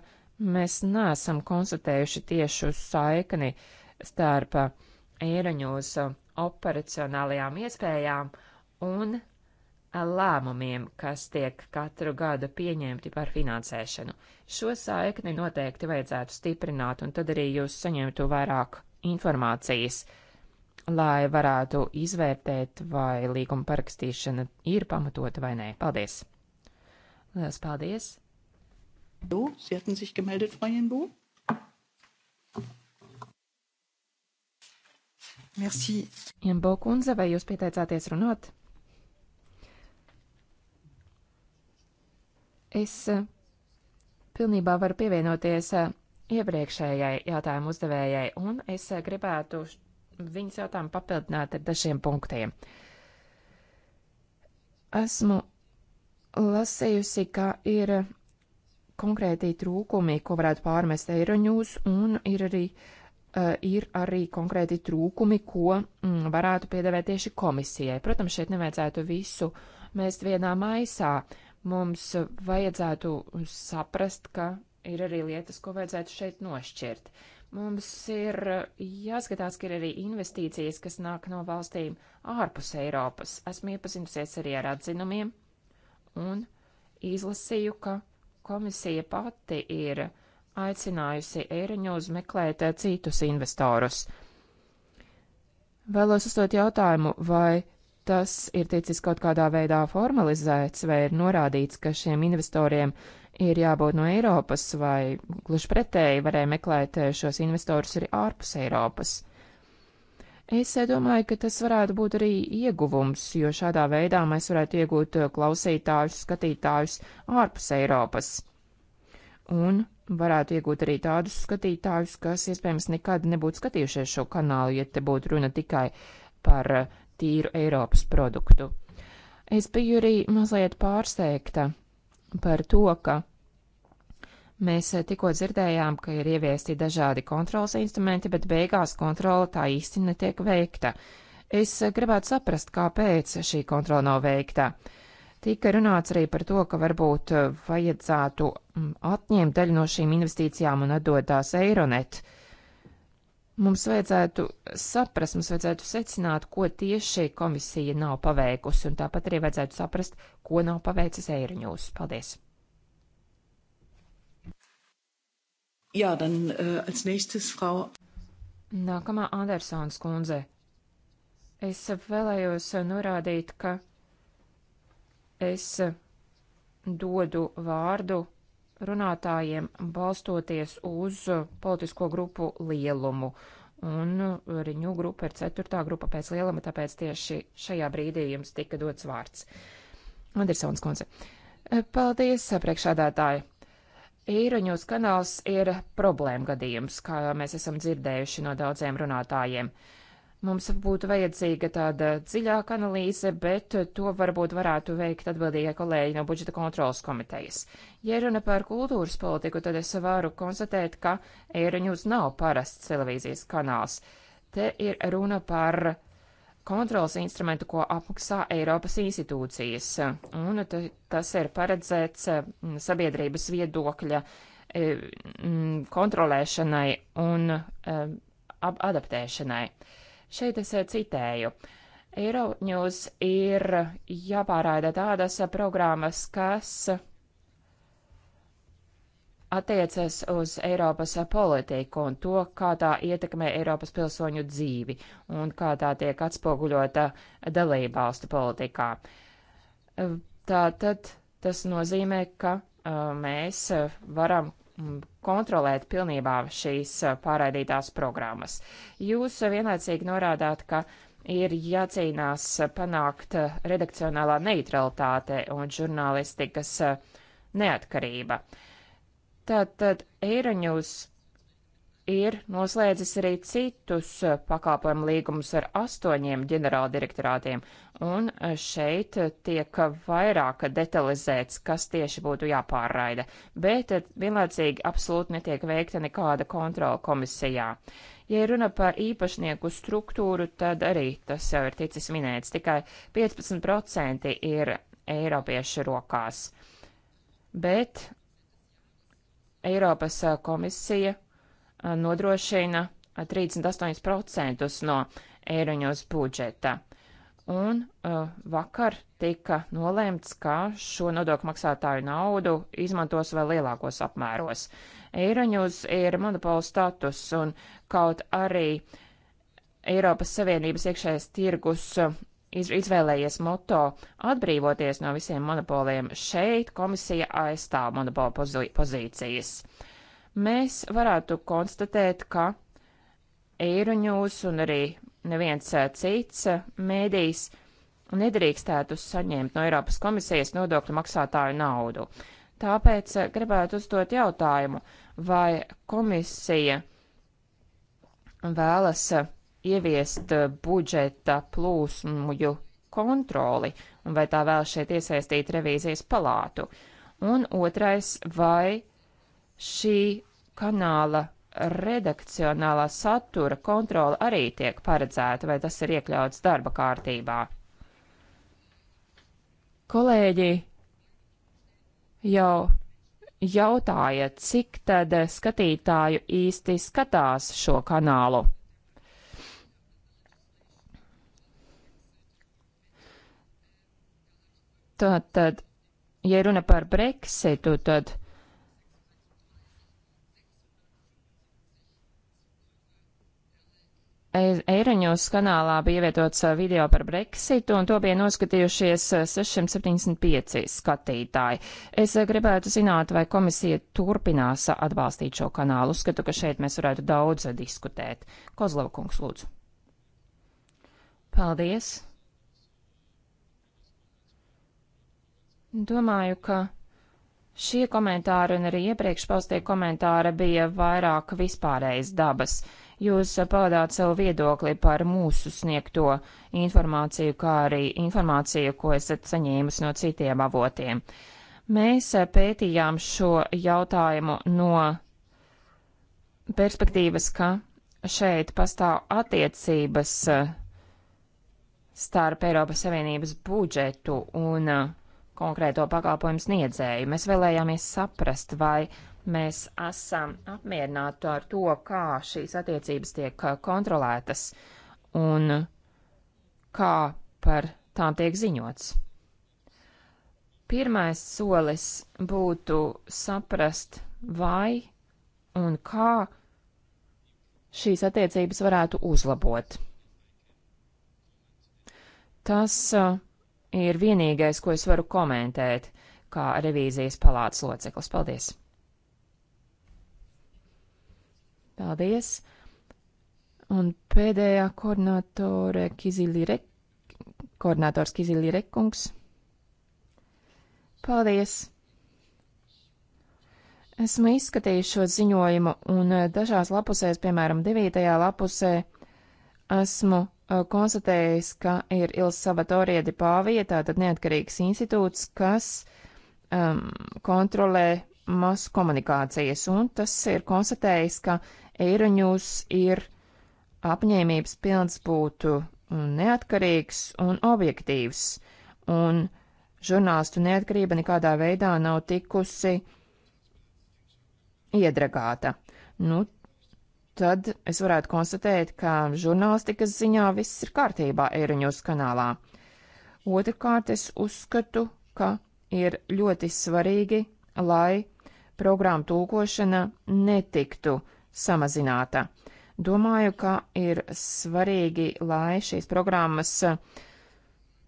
mēs neesam konstatējuši tiešu saikni starp īraņos operacionālajām iespējām un lēmumiem, kas tiek katru gadu pieņemti par finansēšanu. Šo saikni noteikti vajadzētu stiprināt, un tad arī jūs saņemtu vairāk informācijas. Uh, lai varētu izvērtēt, vai līguma parakstīšana ir pamatota vai nē. Paldies! Lielas paldies! Hallo, Sie hatten sich gemeldet, Frau Jenbo. Merci. Jenbo kundze, vai jūs pieteicāties runāt? Es eh, pilnībā varu pievienoties eh, iepriekšējai jautājumu uzdevējai, un es eh, gribētu viņas jautājumu papildināt ar dažiem punktiem. Esmu lasījusi, ka ir konkrēti trūkumi, ko varētu pārmest eiroņūs, un ir arī, uh, ir arī konkrēti trūkumi, ko mm, varētu piedāvāt tieši komisijai. Protams, šeit nevajadzētu visu mēst vienā maisā. Mums vajadzētu saprast, ka ir arī lietas, ko vajadzētu šeit nošķirt. Mums ir eh, jāskatās, ka ir arī investīcijas, kas nāk no valstīm ārpus Eiropas. Esmu iepazinusies arī ar atzinumiem un izlasīju, ka komisija pati ir aicinājusi Eiroņūs meklēt eh, citus investorus. Vēlos uzdot jautājumu, vai tas ir ticis kaut kādā veidā formalizēts vai ir norādīts, ka šiem investoriem ir jābūt no Eiropas vai gluži pretēji varēja meklēt eh, šos investorus arī ārpus Eiropas. Es eh, domāju, ka tas varētu būt arī ieguvums, jo šādā veidā mēs varētu iegūt eh, klausītājus, skatītājus ārpus Eiropas. Un varētu iegūt arī tādus skatītājus, kas iespējams nekad nebūtu skatījušies šo kanālu, ja te būtu runa tikai par uh, tīru Eiropas produktu. Es biju arī mazliet pārsteigta par to, ka mēs tikko dzirdējām, ka ir ieviesti dažādi kontrolas instrumenti, bet beigās kontrola tā īsti netiek veikta. Es gribētu saprast, kāpēc šī kontrola nav veikta. Tika runāts arī par to, ka varbūt vajadzētu mm, atņemt daļu no šīm investīcijām un atdot tās Eironet. Uh, Mums vajadzētu saprast, mums vajadzētu secināt, ko tieši komisija nav paveikusi, un tāpat arī vajadzētu saprast, ko nav paveicis Eiriņūs. Paldies! Jā, dann uh, eh, als nächstes Frau. Nākamā Andersons kundze. Es vēlējos norādīt, ka es dodu vārdu runātājiem balstoties uz politisko grupu lielumu. Un riņu grupa ir ceturtā grupa pēc lieluma, tāpēc tieši šajā brīdī jums tika dots vārds. Andersons konce. Paldies, priekšādātāji. Īroņos kanāls ir problēma gadījums, kā mēs esam dzirdējuši no daudziem runātājiem. Uh, Mums būtu vajadzīga tāda dziļāka analīze, bet to varbūt varētu veikt atbildīgie kolēģi no budžeta kontrolas komitejas. Ja runa par kultūras politiku, tad es varu konstatēt, ka Eiroņus nav parasts televīzijas kanāls. Te ir runa par kontrolas instrumentu, ko apmaksā Eiropas institūcijas, un tas ir paredzēts mm, sabiedrības viedokļa e, mm, kontrolēšanai un e, adaptēšanai. Šeit es eh, citēju. Eiroņūs ir jāpārraida tādas programmas, kas attiecas uz Eiropas politiku un to, kā tā ietekmē Eiropas pilsoņu dzīvi un kā tā tiek atspoguļota dalībvalstu politikā. Eh, Tātad tas nozīmē, ka eh, mēs varam kontrolēt pilnībā šīs pārraidītās programmas. Jūs vienlaicīgi norādāt, ka ir jācīnās panākt redakcionālā neutralitāte un žurnālistikas neatkarība. Tātad Eiroņus ir noslēdzis arī citus eh, pakalpojumu līgumus ar astoņiem ģenerāldirektorātiem, un eh, šeit eh, tiek vairāk detalizēts, kas tieši būtu jāpārraida, bet vienlaicīgi absolūti netiek veikta nekāda kontrola komisijā. Ja runa par īpašnieku struktūru, tad arī tas jau ir ticis minēts, tikai 15% ir Eiropiešu rokās. Bet Eiropas komisija nodrošina 38% no eiroņos budžeta. Un uh, vakar tika nolēmts, ka šo nodokļu maksātāju naudu izmantos vēl lielākos apmēros. Eiroņus ir monopola status un kaut arī Eiropas Savienības iekšējais tirgus izvēlējies moto atbrīvoties no visiem monopoliem. Šeit komisija aizstāv monopola pozīcijas. Uh, mēs varētu konstatēt, ka Eiroņūs un arī neviens eh, cits eh, mēdījis nedrīkstētu saņemt no Eiropas komisijas nodokļu maksātāju naudu. Tāpēc eh, gribētu uzdot jautājumu, vai komisija vēlas ieviest budžeta plūsmuju kontroli, un vai tā vēl šeit iesaistīt revīzijas palātu. Un otrais, vai šī kanāla redakcionālā satura kontrola arī tiek paredzēta, vai tas ir iekļauts darba kārtībā. Kolēģi jau jautāja, cik tad skatītāju īsti skatās šo kanālu. Tātad, ja runa par Brexitu, tad E- Eiroņos kanālā bija ievietots video par Brexitu, un to bija noskatījušies 675 skatītāji. Es gribētu zināt, vai komisija turpinās atbalstīt šo kanālu. Uzskatu, ka šeit mēs varētu daudz diskutēt. Kozlovkungs, lūdzu. Paldies. Domāju, ka šie komentāri un arī iepriekš paustie komentāri bija vairāk vispārējas dabas. Uh, Jūs eh, paudāt savu viedokli par mūsu sniegto informāciju, kā arī informāciju, ko esat saņēmusi no citiem avotiem. Mēs eh, pētījām šo jautājumu no perspektīvas, ka šeit pastāv attiecības eh, starp Eiropas Savienības budžetu un konkrēto pakalpojumu sniedzēju. Mēs vēlējāmies saprast, vai Mēs esam apmierināti ar to, kā šīs attiecības tiek uh, kontrolētas un kā par tām tiek ziņots. Pirmais solis būtu saprast, vai un kā šīs attiecības varētu uzlabot. Tas uh, ir vienīgais, ko es varu komentēt kā revīzijas palātas loceklis. Paldies! Paldies! Un pēdējā koordinātore Kizilirek, koordinātors Kizilirekungs. Paldies! Esmu izskatījis šo ziņojumu, un eh, dažās lapusēs, piemēram, 9. lapusē, esmu uh, konstatējis, ka ir Ils Salvatorija di Pāvija, tātad neatkarīgs institūts, kas um, kontrolē masu komunikācijas, un tas ir konstatējis, ka uh, Eiroņūs ir apņēmības pilns būt neatkarīgs un objektīvs, un žurnālistu neatkarība nekādā veidā nav tikusi iedragāta. Nu, tad es varētu konstatēt, ka žurnālistikas ziņā viss ir kārtībā Eiroņos kanālā. Otrakārt, es uzskatu, ka ir ļoti svarīgi, lai programmu tulkošana netiktu samazināta. Domāju, ka ir svarīgi, lai šīs programmas uh,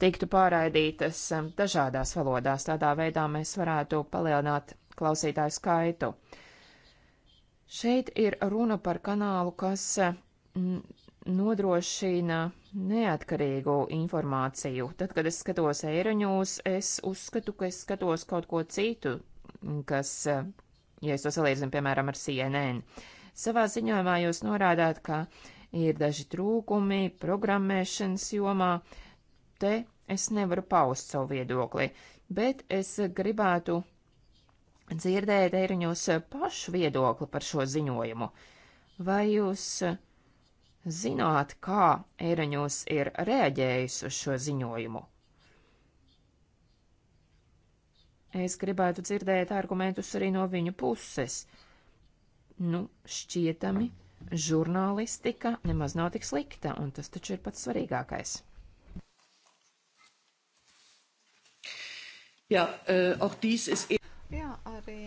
tiktu pārraidītas um, dažādās valodās. Tādā veidā mēs varētu palielināt klausītāju skaitu. Šeit ir runa par kanālu, kas uh, nodrošina neatkarīgu informāciju. Tad, kad es skatos eiroņos, es uzskatu, ka es skatos kaut ko citu, kas, uh, ja es to salīdzinu, piemēram, ar CNN. Savā ziņojumā jūs norādāt, ka ir daži trūkumi programmēšanas jomā. Te es nevaru paust savu viedokli, bet es gribētu dzirdēt Eiriņos pašu viedokli par šo ziņojumu. Vai jūs zināt, kā Eiriņos ir reaģējis uz šo ziņojumu? Es gribētu dzirdēt argumentus arī no viņu puses. Nu, šķietami, žurnālistika nemaz nav tik slikta, un tas taču ir pats svarīgākais. Jā, eh, uh, is... E- Jā arī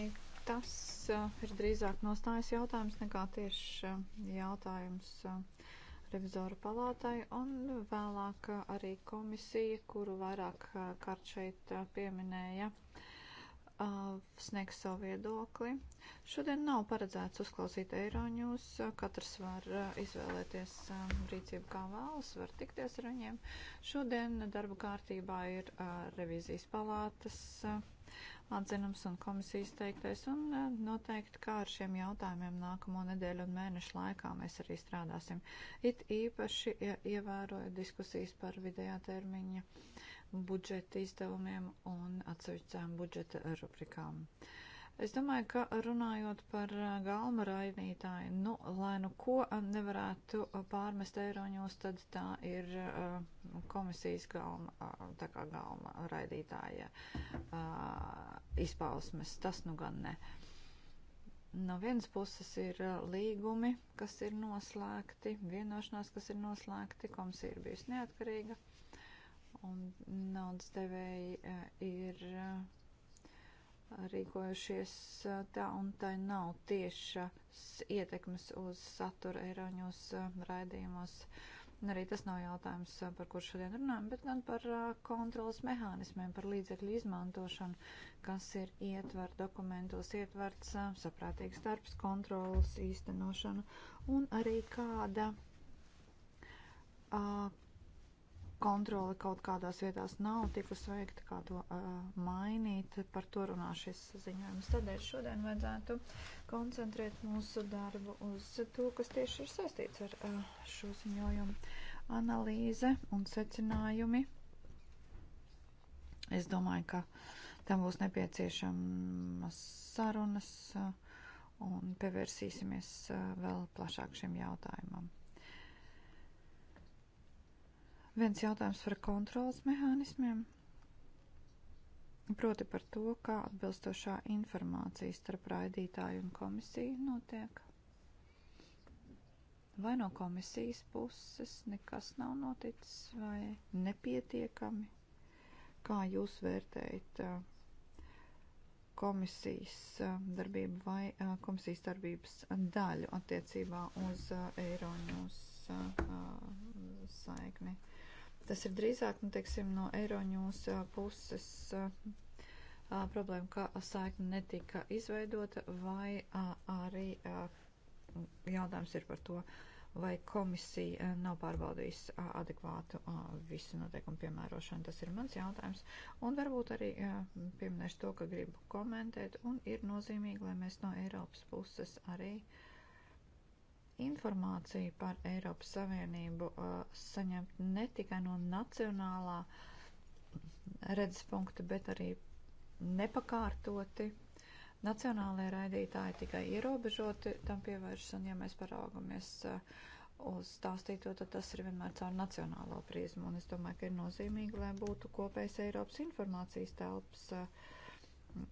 tas uh, ir drīzāk nostājas jautājums nekā tieši uh, jautājums uh, revizora palātai un vēlāk uh, arī komisija, kuru vairāk uh, kārt šeit uh, pieminēja. Ja Uh, sniegs savu viedokli. Šodien nav paredzēts uzklausīt eiroņus. Katrs var uh, izvēlēties um, rīcību, kā vēlas, var tikties ar viņiem. Šodien darba kārtībā ir uh, revīzijas palātas atzinums un komisijas teiktais, un noteikti kā ar šiem jautājumiem nākamo nedēļu un mēnešu laikā mēs arī strādāsim. It īpaši ievērojot diskusijas par vidējā termiņa budžeta izdevumiem un atsevišķām budžeta rubrikām. Es domāju, ka runājot par uh, galma raidītāju, nu, lai nu ko um, nevarētu uh, pārmest eiroņos, tad tā ir uh, komisijas galma, tā kā galma raidītāja izpausmes. Tas nu gan ne. No vienas puses ir līgumi, kas ir noslēgti, vienošanās, kas ir noslēgti, komisija ir bijusi neatkarīga un naudas devēji e, ir e, rīkojušies e, tā, un tai nav tiešas ietekmes uz satura eiroņos raidījumos. Un arī tas nav jautājums, par kur šodien runājam, bet gan par kontrolas mehānismiem, par līdzekļu izmantošanu, kas ir ietver dokumentos, ietverts saprātīgs darbs, kontrolas īstenošana un arī kāda kontrole kaut kādās vietās nav tikus veikta, kā to uh, mainīt, par to runā šis ziņojums. Tādēļ šodien vajadzētu koncentrēt mūsu darbu uz to, kas tieši ir saistīts ar uh, šo ziņojumu analīze un secinājumi. Es domāju, ka tam būs nepieciešamas sarunas uh, un pievērsīsimies uh, vēl plašāk šim jautājumam. Viens jautājums par kontrolas mehānismiem. Proti par to, kā atbilstošā informācija starp raidītāju un komisiju notiek. Vai no komisijas puses nekas nav noticis vai nepietiekami? Kā jūs vērtējat uh, komisijas uh, darbību vai uh, komisijas darbības daļu attiecībā uz Eiroņus saikni? Uh, Tas ir drīzāk, nu, teiksim, no Eiroņūs puses problēma, ka saikne netika izveidota, vai arī jautājums ir par to, vai komisija nav pārbaudījusi adekvātu visu noteikumu piemērošanu. Tas ir mans jautājums. Un varbūt arī pieminēšu to, ka gribu komentēt, un ir nozīmīgi, lai mēs no Eiropas puses arī uh, informāciju par Eiropas Savienību uh, saņemt ne tikai no nacionālā redzes punkta, bet arī nepakārtoti. Nacionālajie raidītāji tikai ierobežoti tam pievēršas, un ja mēs paraugamies uh, uz stāstīto, tad tas ir vienmēr caur nacionālo prizmu, un es domāju, ka ir nozīmīgi, lai būtu kopējs Eiropas informācijas telpas uh,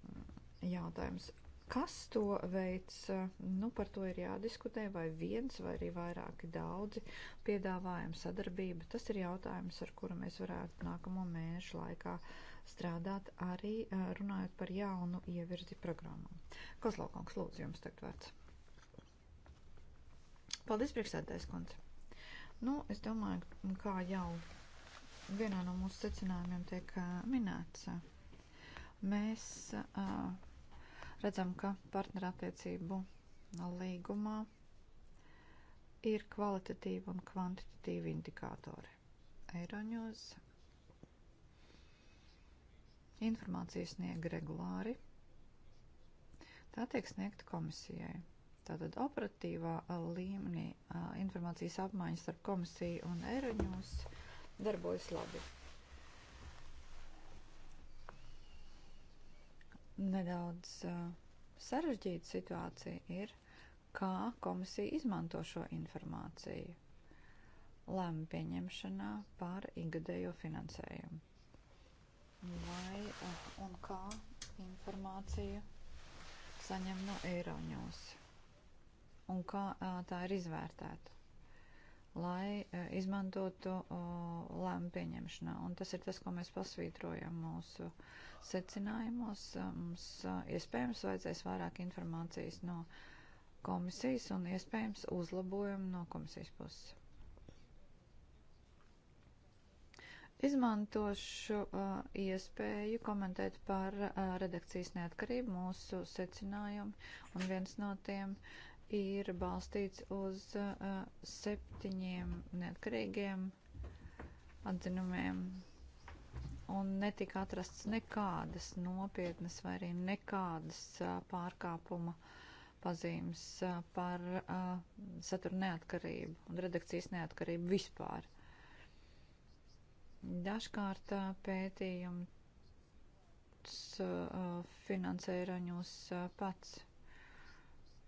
jautājums. Kas to veids, nu par to ir jādiskutē, vai viens vai arī vairāki daudzi piedāvājumi sadarbība. Tas ir jautājums, ar kuru mēs varētu nākamo mēnešu laikā strādāt arī runājot par jaunu ievirzi programmu. Kozlaukungs, lūdzu, jums tagad vārds. Paldies, priekšsēdētājs kundze. Nu, es domāju, kā jau vienā no mūsu secinājumiem tiek minēts, mēs. Uh, Redzam, ka partnerattiecību līgumā ir kvalitatīvi un kvantitatīvi indikātori. Eiroņos informācija snieg regulāri. Tā tiek sniegta komisijai. Tātad operatīvā līmenī informācijas apmaiņas starp komisiju un Eiroņos darbojas labi. nedaudz uh, sarežģīta situācija ir, kā komisija izmanto šo informāciju lēma pieņemšanā par ikgadējo finansējumu. Vai uh, un kā informāciju saņem no Eiroņos? Un kā uh, tā ir izvērtēta? lai e, izmantotu lēmu pieņemšanā. Un tas ir tas, ko mēs pasvītrojam mūsu secinājumos. E, mums e, iespējams vajadzēs vairāk informācijas no komisijas un iespējams uzlabojumu no komisijas puses. Izmantošu uh, iespēju komentēt par uh, redakcijas neatkarību mūsu secinājumu, un viens no tiem ir balstīts uz uh, septiņiem neatkarīgiem atzinumiem, un netika atrasts nekādas nopietnas vai arī nekādas uh, pārkāpuma pazīmes uh, par uh, satura neatkarību un redakcijas neatkarību vispār. Dažkārt uh, pētījums uh, finansē Raņus uh, pats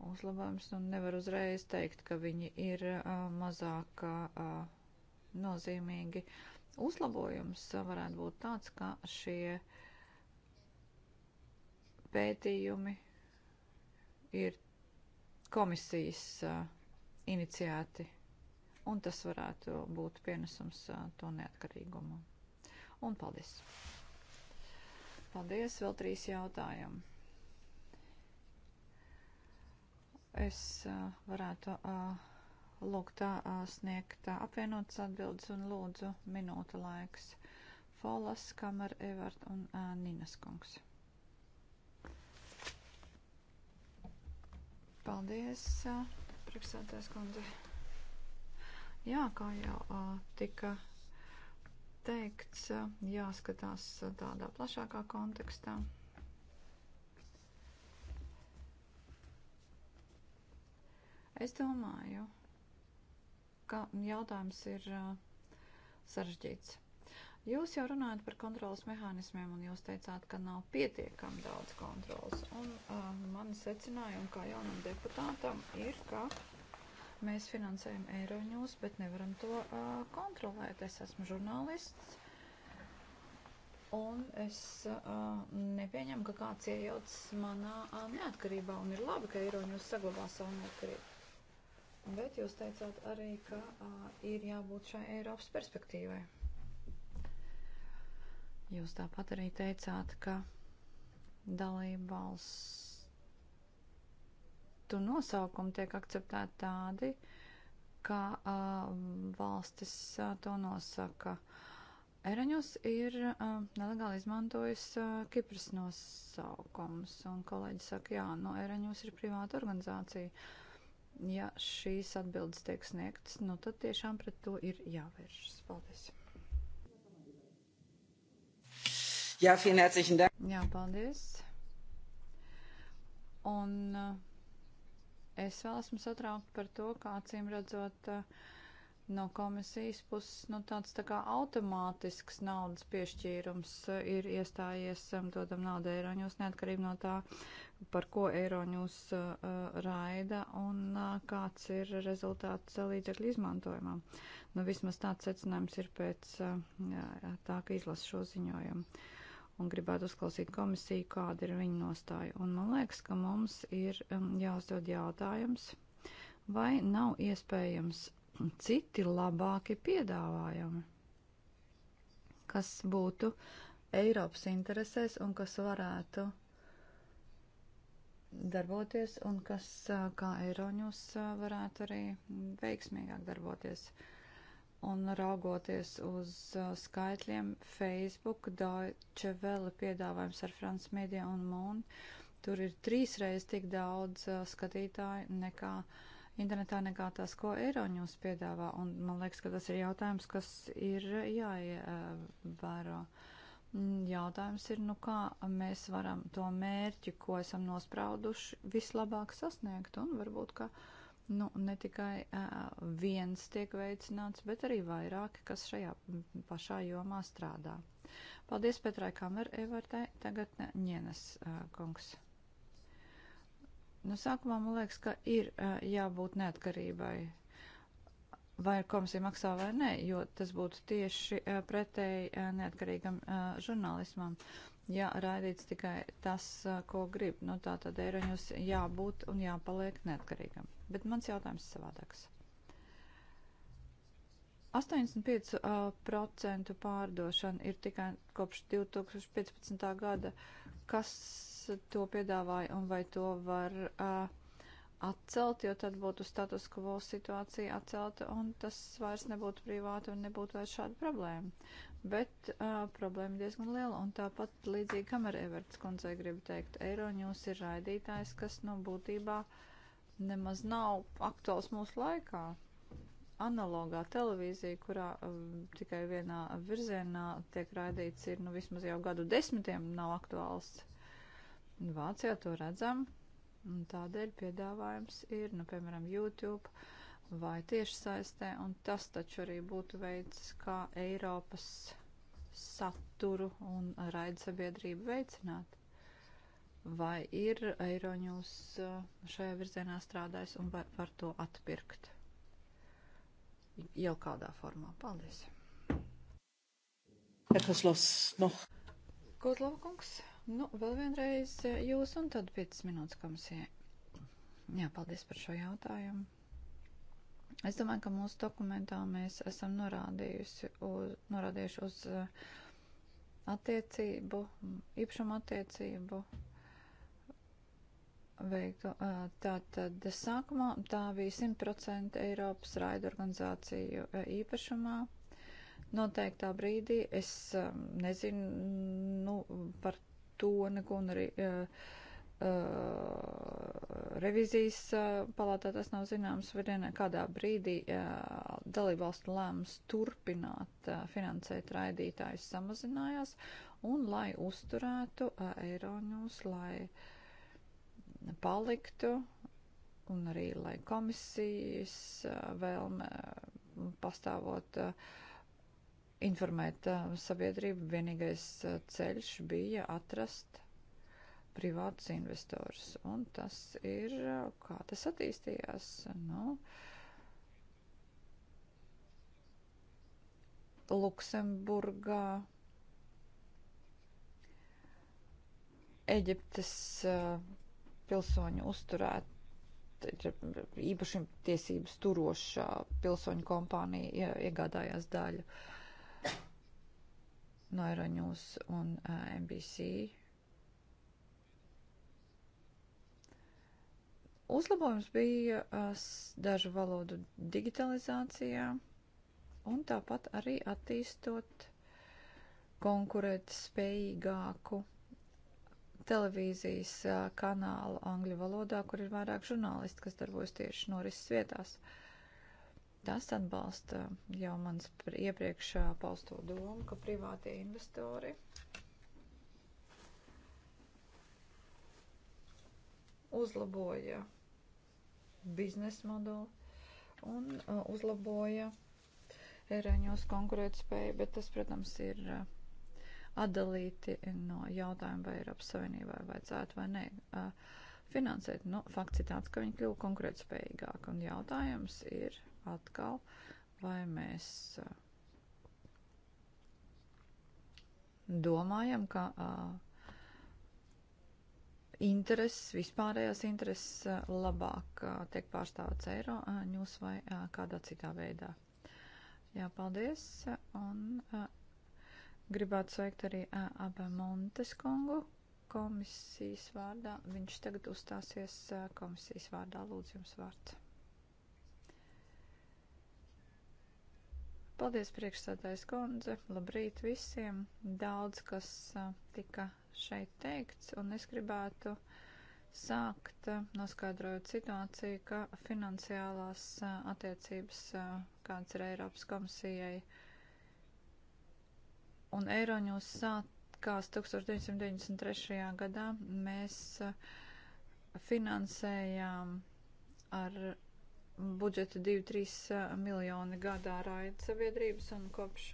uzlabojums un nevar uzreiz teikt, ka viņi ir uh, mazāk uh, nozīmīgi. Uzlabojums varētu būt tāds, ka šie pētījumi ir komisijas uh, iniciēti, un tas varētu būt pienesums uh, to neatkarīgumu. Un paldies! Paldies! Vēl trīs jautājumi. es uh, varētu uh, lūgt uh, sniegt uh, apvienotas atbildes un lūdzu minūta laiks. Folas, Kamar, Evert un uh, Ninas kungs. Paldies, uh, priekšsēdētājs kundze. Jā, kā jau uh, tika teikts, uh, jāskatās uh, tādā plašākā kontekstā. Es domāju, ka jautājums ir sarežģīts. Jūs jau runājat par kontrolas mehānismiem, un jūs teicāt, ka nav pietiekami daudz kontrolas. Un uh, mani secinājumi kā jaunam deputātam ir, ka mēs finansējam Eiroņus, bet nevaram to uh, kontrolēt. Es esmu žurnālists, un es uh, nepieņemu, ka kāds iejaucas manā uh, neatkarībā, un ir labi, ka Eiroņus saglabā savu neatkarību. Bet jūs teicāt arī, ka uh, ir jābūt šai Eiropas perspektīvai. Jūs tāpat arī teicāt, ka dalībvalstu nosaukumi tiek akceptēti tādi, kā uh, valstis uh, to nosaka. Eraņos ir uh, nelegāli izmantojis uh, Kipras nosaukums, un kolēģi saka, jā, no Eraņos ir privāta organizācija. Uh, ja šīs atbildes tiek sniegtas, nu tad tiešām pret to ir jāvēršas. Paldies! Jā, finansēšana. Jā, paldies. Un eh, es vēl esmu satraukta par to, kā acīm redzot eh, no komisijas puses, nu tāds tā kā automātisks naudas piešķīrums eh, ir iestājies, dodam naudu eiroņos, neatkarīgi no tā, par ko Eiroņus uh, uh, raida un uh, kāds ir rezultāts uh, līdzekļu izmantojumam. Nu, vismaz tāds secinājums ir pēc uh, tā, ka izlasa šo ziņojumu un gribētu uzklausīt komisiju, kāda ir viņa nostāja. Un man liekas, ka mums ir um, jāuzdod jautājums, vai nav iespējams citi labāki piedāvājumi, kas būtu Eiropas interesēs un kas varētu uh, darboties un kas kā Eiroņus varētu arī veiksmīgāk darboties. Un raugoties uz skaitļiem, Facebook, Deutsche Welle piedāvājums ar France Media un Moon, tur ir trīsreiz tik daudz skatītāju nekā internetā nekā tās, ko Eiroņus piedāvā. Un man liekas, ka tas ir jautājums, kas ir jāievēro. Uh, Mm, jautājums ir, nu kā mēs varam to mērķi, ko esam nosprauduši, vislabāk sasniegt, un varbūt, ka nu, ne tikai uh, viens tiek veicināts, bet arī vairāki, kas šajā pašā jomā strādā. Paldies Petrai Kamer, Evertai, tagad Ņienes uh, kungs. Nu, sākumā man liekas, ka ir uh, jābūt neatkarībai vai komisija maksā vai nē, jo tas būtu tieši eh, pretēji eh, neatkarīgam eh, žurnālismam. Jā, raidīts tikai tas, ko grib. Nu, tā tad eiroņos jābūt un jāpaliek neatkarīgam. Bet mans jautājums savādāks. 85% pārdošana ir tikai kopš 2015. gada. Kas to piedāvāja un vai to var uh, atcelt, jo tad būtu status quo situācija atcelta un tas vairs nebūtu privāti un nebūtu vairs šāda problēma. Bet uh, problēma diezgan liela un tāpat līdzīgi kamera Everts kundzei grib teikt, Eiroņūs ir raidītājs, kas nu būtībā nemaz nav aktuāls mūsu laikā. Analogā televīzija, kurā um, tikai vienā virzienā tiek raidīts, ir nu vismaz jau gadu desmitiem nav aktuāls. Vācijā to redzam, Un tādēļ piedāvājums ir, nu, piemēram, YouTube vai tiešsaistē, un tas taču arī būtu veids, kā Eiropas saturu un raidsabiedrību veicināt. Vai ir Eiroņūs uh, šajā virzienā strādājis un vai var to atpirkt? Jau kādā formā. Paldies. Kas los? No. Kozlova kungs. Nu, vēl vienreiz eh, jūs un tad 5 minūtes komisijai. Jā, paldies par šo jautājumu. Es domāju, ka mūsu dokumentā mēs esam norādījusi uz, norādījuši uz eh, attiecību, īpašumu attiecību veiktu. Eh, tātad sākumā tā bija 100% Eiropas raidu organizāciju īpašumā. Noteiktā brīdī es nezinu nu, par Toniku un arī uh, uh, revizijas uh, palātā tas nav zināms, vai vienā kādā brīdī uh, dalībvalstu lēmums turpināt uh, finansēt raidītājus samazinājās un lai uzturētu uh, Eironus, lai paliktu un arī lai komisijas uh, vēlme uh, pastāvot. Uh, informēt sabiedrību. Vienīgais ceļš bija atrast privātus investors. Un tas ir, kā tas attīstījās. Nu, Luksemburgā, Eģiptes pilsoņu uzturēt īpašumtiesības turoša pilsoņu kompānija iegādājās daļu uh, no Euronews un uh, NBC. Uzlabojums bija uh, dažu valodu digitalizācijā un tāpat arī attīstot konkurēt spējīgāku televīzijas kanālu angļu valodā, kur ir vairāk žurnālisti, kas darbojas tieši norises vietās. Uh, Tas atbalsta jau mans iepriekš pausto domu, ka privātie investori uzlaboja biznesa modeli un uh, uzlaboja erēņos konkurētspēju, bet tas, protams, ir uh, atdalīti no jautājuma, vai Eiropas Savienībai vajadzētu vai nē uh, finansēt. Nu, fakts ir tāds, ka viņi kļuva konkurētspējīgāk, un jautājums ir, atkal, vai mēs uh, domājam, ka uh, intereses, vispārējās intereses uh, labāk tiek pārstāvots eiro ņūs vai kādā citā veidā. Jā, paldies. Un gribētu sveikt arī Abe Montes kungu komisijas vārdā. Viņš tagad uzstāsies komisijas vārdā. Lūdzu, jums vārds. Paldies, priekšsādājs kundze. Labrīt visiem. Daudz, kas tika šeit teikts, un es gribētu sākt noskaidrojot situāciju, ka finansiālās attiecības, kāds ir Eiropas komisijai, un Eiroņus sākās 1993. gadā, mēs finansējām ar budžeta 2-3 eh, miljoni gadā raida sabiedrības un kopš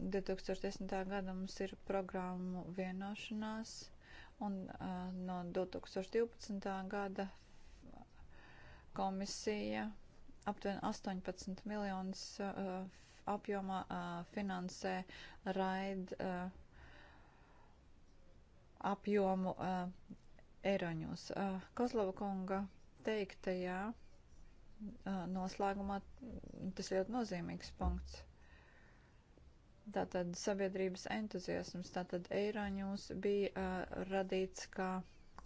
2010. Eh, gada mums ir programmu vienošanās un eh, no 2012. gada komisija aptuveni 18 miljonus apjomā finansē raida apjomu Eiroņos. Kozlova kunga teiktajā noslēgumā tas ļoti nozīmīgs punkts. Tātad sabiedrības entuziasms, tātad Eiroņūs bija uh, radīts kā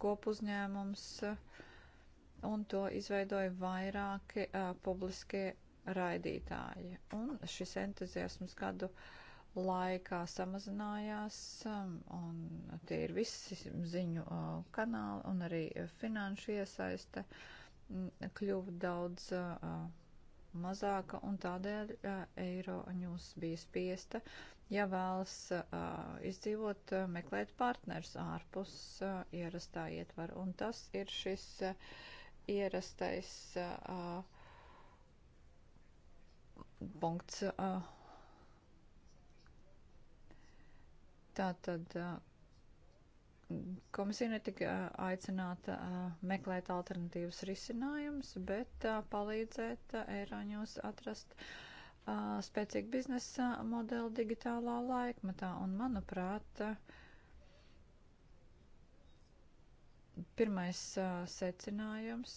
kopuzņēmums uh, un to izveidoja vairāki uh, publiskie raidītāji. Un šis entuziasms gadu uh, laikā samazinājās, um, un tie ir visi ziņu uh, kanāli, un arī finanšu iesaiste mm, kļuva daudz uh, uh, mazāka, un tādēļ eiro ņūs bija spiesta, ja vēlas izdzīvot, meklēt partners ārpus ierastā ietvaru, un tas ir šis ierastais punkts. Uh, Tātad komisija netika aicināta meklēt alternatīvas risinājumus, bet palīdzēt Eiroņos atrast spēcīgu biznesa modeli digitālā laikmatā. Un, manuprāt, pirmais secinājums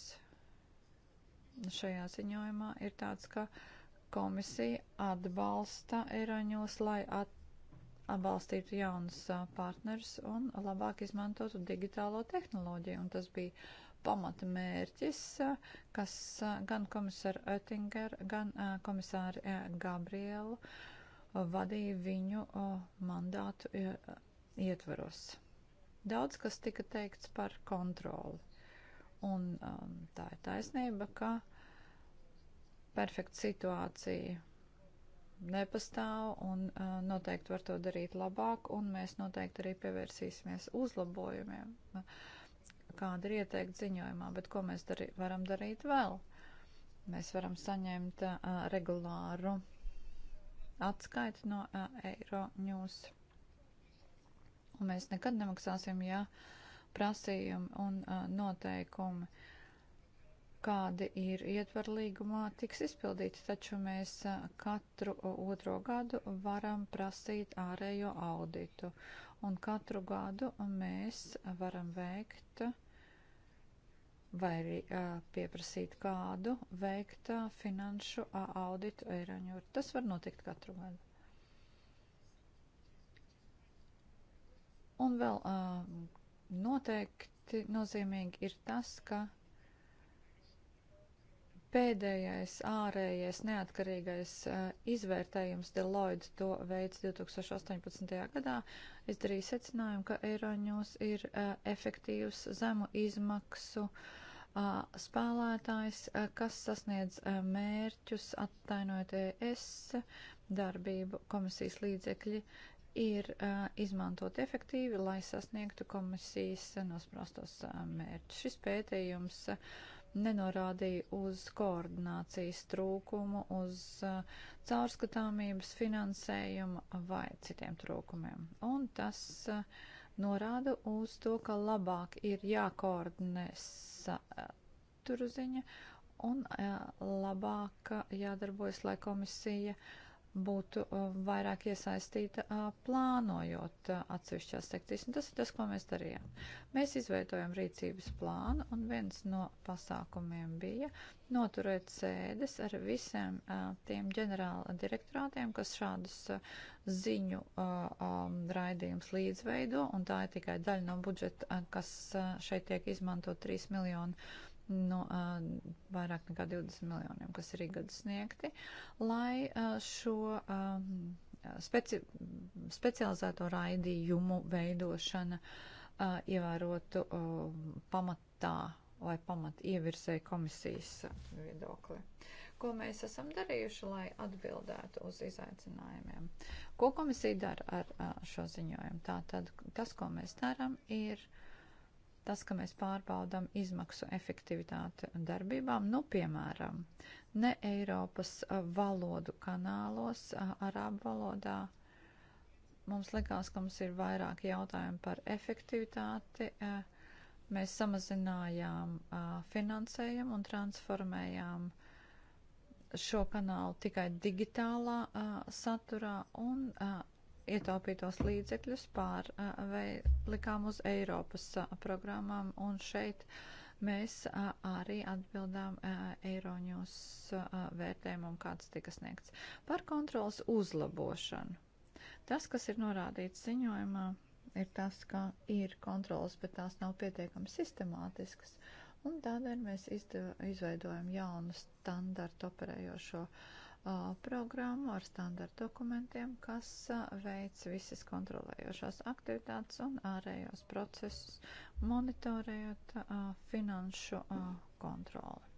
šajā ziņojumā ir tāds, ka komisija atbalsta Eiroņos, lai atrast atbalstītu jaunus partnerus un labāk izmantotu digitālo tehnoloģiju. Un tas bija pamata mērķis, kas gan komisāra Oettinger, gan komisāra Gabrielu vadīja viņu mandātu ietvaros. Daudz kas tika teikts par kontroli. Un tā ir taisnība, ka perfekta situācija nepastāv un uh, noteikti var to darīt labāk, un mēs noteikti arī pievērsīsimies uzlabojumiem, kāda ir ieteikt ziņojumā, bet ko mēs darī, varam darīt vēl. Mēs varam saņemt uh, regulāru atskaiti no uh, Eiro News, un mēs nekad nemaksāsim, ja prasījumi un uh, noteikumi uh, kādi ir ietver līgumā, tiks izpildīti, taču mēs katru otro gadu varam prasīt ārējo auditu. Un katru gadu mēs varam veikt vai arī pieprasīt kādu veikt finanšu auditu Eiraņur. Tas var notikt katru gadu. Un vēl noteikti nozīmīgi ir tas, ka Pēdējais ārējais neatkarīgais izvērtējums Deloitte to veids 2018. gadā izdarīja secinājumu, ka Eiroņos ir efektīvs zemu izmaksu spēlētājs, kas sasniedz mērķus attainojot ES darbību komisijas līdzekļi ir uh, izmantot efektīvi, lai sasniegtu komisijas nosprostos uh, mērķus. Šis pētījums uh, nenorādīja uz koordinācijas trūkumu, uz uh, caurskatāmības finansējumu vai citiem trūkumiem. Un tas uh, norāda uz to, ka labāk ir jākoordinē satura uh, ziņa un labāk jādarbojas, lai komisija uh, būtu uh, vairāk iesaistīta uh, plānojot uh, atsevišķās sekcijas. Un tas ir tas, ko mēs darījām. Mēs izveidojam rīcības plānu, un viens no pasākumiem bija noturēt sēdes ar visiem tiem ģenerāla direktorātiem, kas šādus ziņu um, raidījums līdzveido, un tā ir tikai daļa no budžeta, kas šeit tiek izmanto 3 miljonu no nu, uh, vairāk nekā 20 miljoniem, kas ir gadu sniegti, lai uh, šo um, speci specializēto raidījumu veidošana uh, ievērotu uh, pamatā vai pamat ievirzē komisijas viedokli. Ko mēs esam darījuši, lai atbildētu uz izaicinājumiem? Ko komisija dara ar uh, šo ziņojumu? Tātad tas, ko mēs darām, ir uh, tas, ka mēs pārbaudām izmaksu efektivitāti darbībām, nu, piemēram, ne Eiropas valodu kanālos, arābu valodā. Mums likās, ka mums ir vairāk jautājumu par efektivitāti. Mēs samazinājām finansējumu un transformējām šo kanālu tikai digitālā saturā un ietaupītos līdzekļus pārlikām uz Eiropas programmām, un šeit mēs arī atbildām Eiroņus vērtējumam, kāds tika sniegts. Par kontrolas uzlabošanu. Tas, kas ir norādīts ziņojumā, ir tas, ka ir kontrolas, bet tās nav pietiekami sistemātiskas. Un tādēļ mēs izdev, izveidojam jaunu standartu operējošo uh, programmu ar standartu dokumentiem, kas veic visas kontrolējošās aktivitātes un ārējos procesus, monitorējot finanšu kontroli.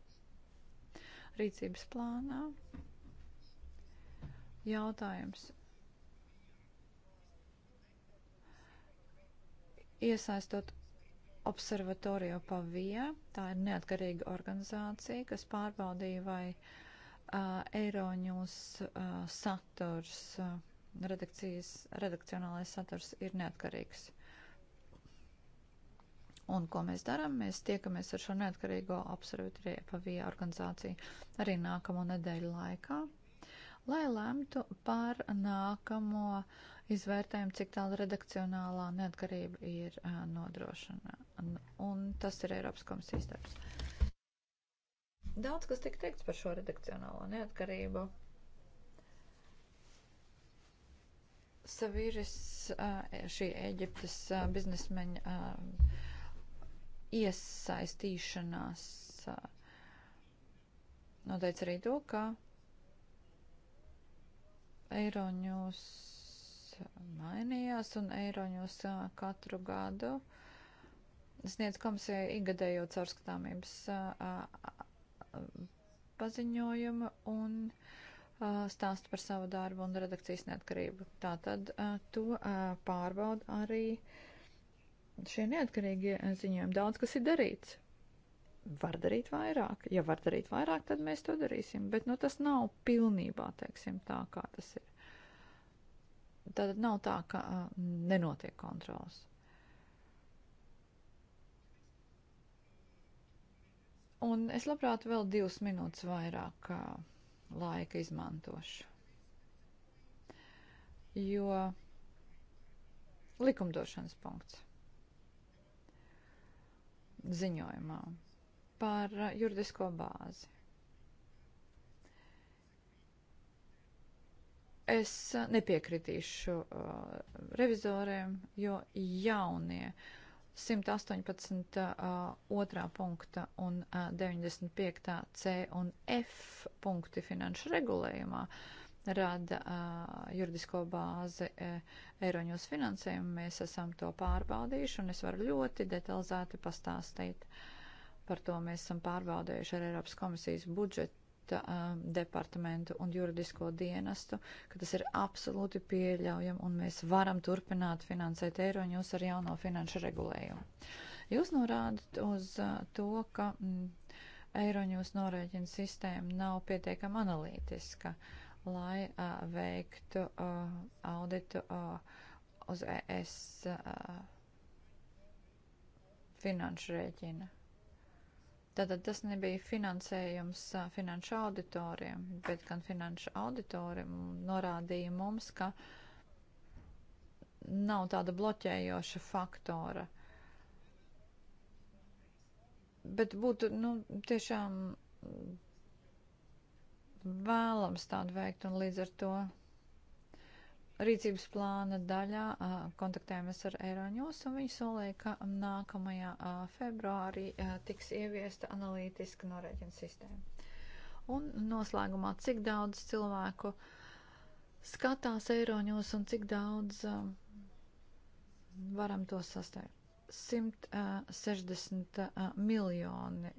Rīcības plānā jautājums iesaistot Observatorio Pavija, tā ir neatkarīga organizācija, kas pārbaudīja, vai uh, Eiroņūs saturs, redakcijas, redakcionālais saturs ir neatkarīgs. Un ko mēs darām? Mēs tiekamies ar šo neatkarīgo observatoriju EPAVIA organizāciju arī nākamo nedēļu laikā, lai lemtu par nākamo izvērtējumu, cik tālu redakcionālā neatkarība ir nodrošana. Un tas ir Eiropas komisijas darbs. Daudz kas tika teikts par šo redakcionālo neatkarību. Savīris, šī Eģiptes biznesmeņa iesaistīšanās noteica arī to, ka Eiroņus mainījās un Eiroņus katru gadu sniedz komisija igadējo caurskatāmības paziņojuma un stāstu par savu darbu un redakcijas neatkarību. Tātad to pārbauda arī šie neatkarīgie ziņojumi. Daudz kas ir darīts. Var darīt vairāk. Ja var darīt vairāk, tad mēs to darīsim. Bet nu, tas nav pilnībā, teiksim, tā kā tas ir. Tātad nav tā, ka nenotiek kontrols. Un es labprāt vēl divas minūtes vairāk laika izmantošu. Jo likumdošanas punkts ziņojumā par juridisko bāzi. Es nepiekritīšu uh, revizoriem, jo jaunie uh, 118. Uh, otrā punkta un 95. Uh, C un F punkti finanšu regulējumā rada uh, juridisko bāzi uh, Eiroņos finansējumu. Mēs esam to pārbaudījuši, un es varu ļoti detalizēti pastāstīt. Par to mēs esam pārbaudījuši ar Eiropas komisijas budžetu budžeta uh, um, departamentu un juridisko dienestu, ka tas ir absolūti pieļaujam un mēs varam turpināt finansēt eiroņus ar jauno finanšu regulējumu. Jūs norādat uz uh, to, ka mm, eiroņus norēķina sistēma nav pietiekama analītiska, lai uh, veiktu uh, auditu uh, uz ES uh, finanšu rēķina Tātad tas nebija finansējums finanšu auditoriem, bet gan finanšu auditori norādīja mums, ka nav tāda bloķējoša faktora. Bet būtu nu, tiešām vēlams tādu veikt un līdz ar to rīcības plāna daļā kontaktējamies ar Eiroņos, un viņi solīja, ka nākamajā februārī tiks ieviesta analītiska norēķina sistēma. Un noslēgumā, cik daudz cilvēku skatās Eiroņos un cik daudz varam to sastāvēt? 160 miljoni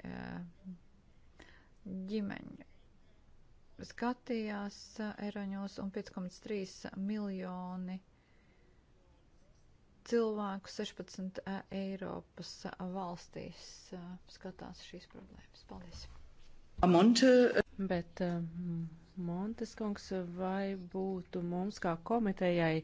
ģimeņu skatījās eh, Eiroņos un 5,3 miljoni cilvēku 16 eh, Eiropas eh, valstīs skatās šīs problēmas. Paldies! Monte. Bet Montes kungs, vai būtu mums kā komitejai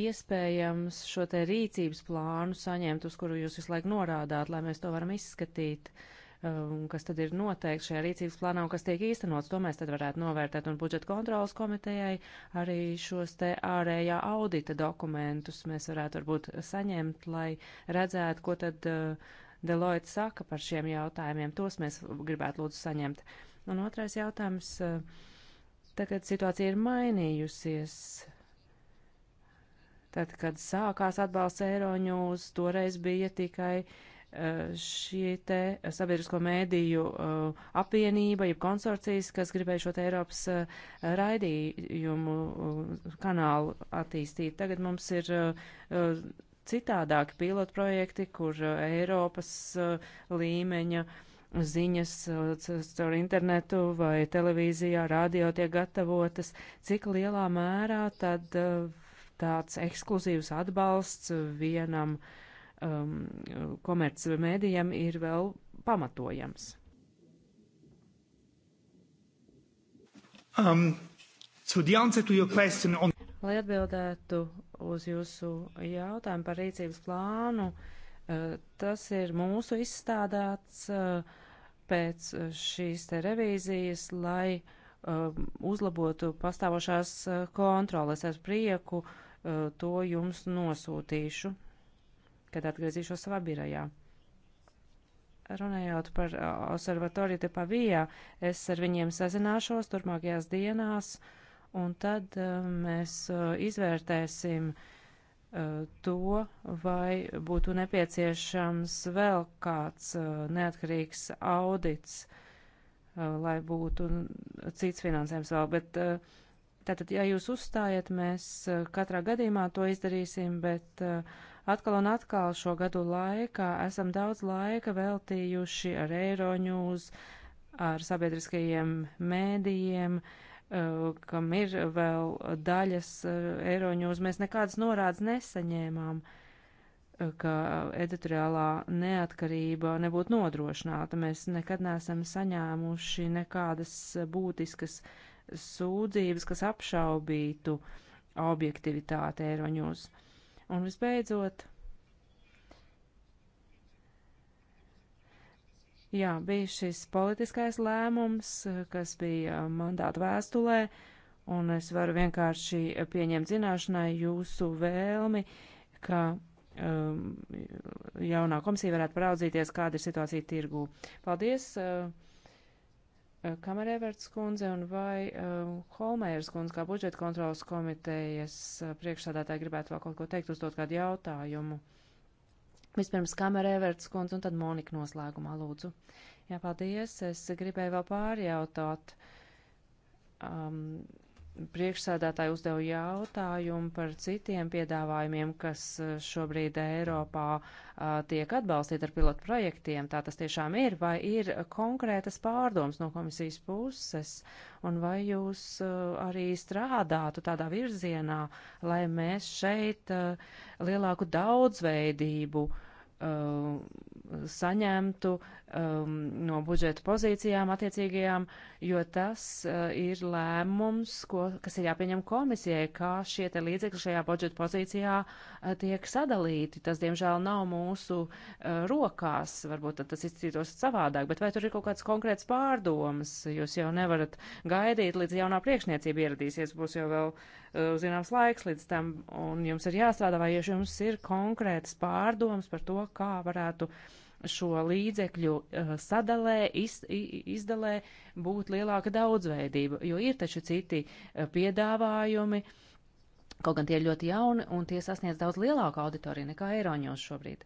iespējams šo te rīcības plānu saņemt, uz kuru jūs visu laiku norādāt, lai mēs to varam izskatīt? Uh, un um, kas tad ir noteikti šajā rīcības plānā un kas tiek īstenots, to mēs tad varētu novērtēt. Un budžeta kontrolas komitejai arī šos te ārējā audita dokumentus mēs varētu varbūt saņemt, lai redzētu, ko tad uh, Deloitte saka par šiem jautājumiem. Tos mēs gribētu lūdzu saņemt. Un otrais jautājums. Uh, tagad situācija ir mainījusies. Tad, kad sākās atbalsts eiroņūs, toreiz bija tikai uh, Eh, šie te sabiedrisko mēdīju eh, apvienība, jeb konsorcijas, kas gribēja šo te Eiropas eh, raidījumu kanālu attīstīt. Tagad mums ir citādāki pilotprojekti, kur Eiropas līmeņa ziņas caur internetu vai televīzijā, radio tiek gatavotas, cik lielā mērā tad tāds ekskluzīvs atbalsts vienam uh, um, komerc mēdījiem ir vēl pamatojams. Um, so on... Lai atbildētu uz jūsu jautājumu par rīcības plānu, uh, tas ir mūsu izstādāts uh, pēc šīs te revīzijas, lai uh, uzlabotu pastāvošās uh, kontroles ar prieku, uh, to jums nosūtīšu kad atgriezīšos savā birajā. Runājot par uh, observatoriju te pavijā, es ar viņiem sazināšos turpmākajās dienās, un tad uh, mēs uh, izvērtēsim to, vai būtu nepieciešams vēl kāds neatkarīgs audits, lai būtu cits finansējums vēl, bet uh, Tātad, ja jūs uzstājat, mēs katrā gadījumā to izdarīsim, bet uh, Atkal un atkal šo gadu laikā esam daudz laika veltījuši ar Eiroņūs, ar sabiedriskajiem mēdījiem, eh, kam ir vēl daļas eh, Eiroņūs. Mēs nekādas norādes nesaņēmām eh, ka editoriālā neatkarība nebūtu nodrošināta. Mēs nekad neesam saņēmuši nekādas būtiskas sūdzības, kas apšaubītu objektivitāti Eiroņūs. Uh, Un visbeidzot, jā, bija šis politiskais lēmums, kas bija mandāta vēstulē, un es varu vienkārši pieņemt zināšanai jūsu vēlmi, ka um, jaunā komisija varētu paraudzīties, kāda ir situācija tirgū. Paldies! Uh, Eh, Kamerēverts kundze un vai uh, Holmēras kundze kā budžeta kontrolas komitejas uh, eh, priekšsādātāji gribētu vēl kaut ko teikt, uzdot kādu jautājumu. Vispirms Kamerēverts kundze un tad Monika noslēgumā lūdzu. Jā, paldies. Es gribēju vēl pārjautāt. Um, priekšsēdētāji uzdeva jautājumu par citiem piedāvājumiem, kas eh, šobrīd Eiropā a, eh, tiek atbalstīti ar pilotu projektiem. Tā tas tiešām ir, vai ir konkrētas pārdomas no komisijas puses, un vai jūs a, eh, arī strādātu tādā virzienā, lai mēs šeit a, lielāku daudzveidību saņemtu um, no budžeta pozīcijām attiecīgajām, jo tas uh, ir lēmums, ko, kas ir jāpieņem komisijai, kā šie te līdzekļi šajā budžeta pozīcijā uh, tiek sadalīti. Tas, diemžēl, nav mūsu uh, rokās, varbūt tas izcītos savādāk, bet vai tur ir kaut kāds konkrēts pārdomas? Jūs jau nevarat gaidīt, līdz jaunā priekšniecība ieradīsies, būs jau vēl uh, Eh, zināms laiks līdz tam, un jums ir jāstrādā, vai ja jums ir konkrētas pārdomas par to, kā varētu šo līdzekļu eh, sadalē, iz, izdalē būt lielāka daudzveidība, jo ir taču citi eh, piedāvājumi, kaut gan tie ir ļoti jauni, un tie sasniedz daudz lielāku auditoriju nekā Eiroņos šobrīd.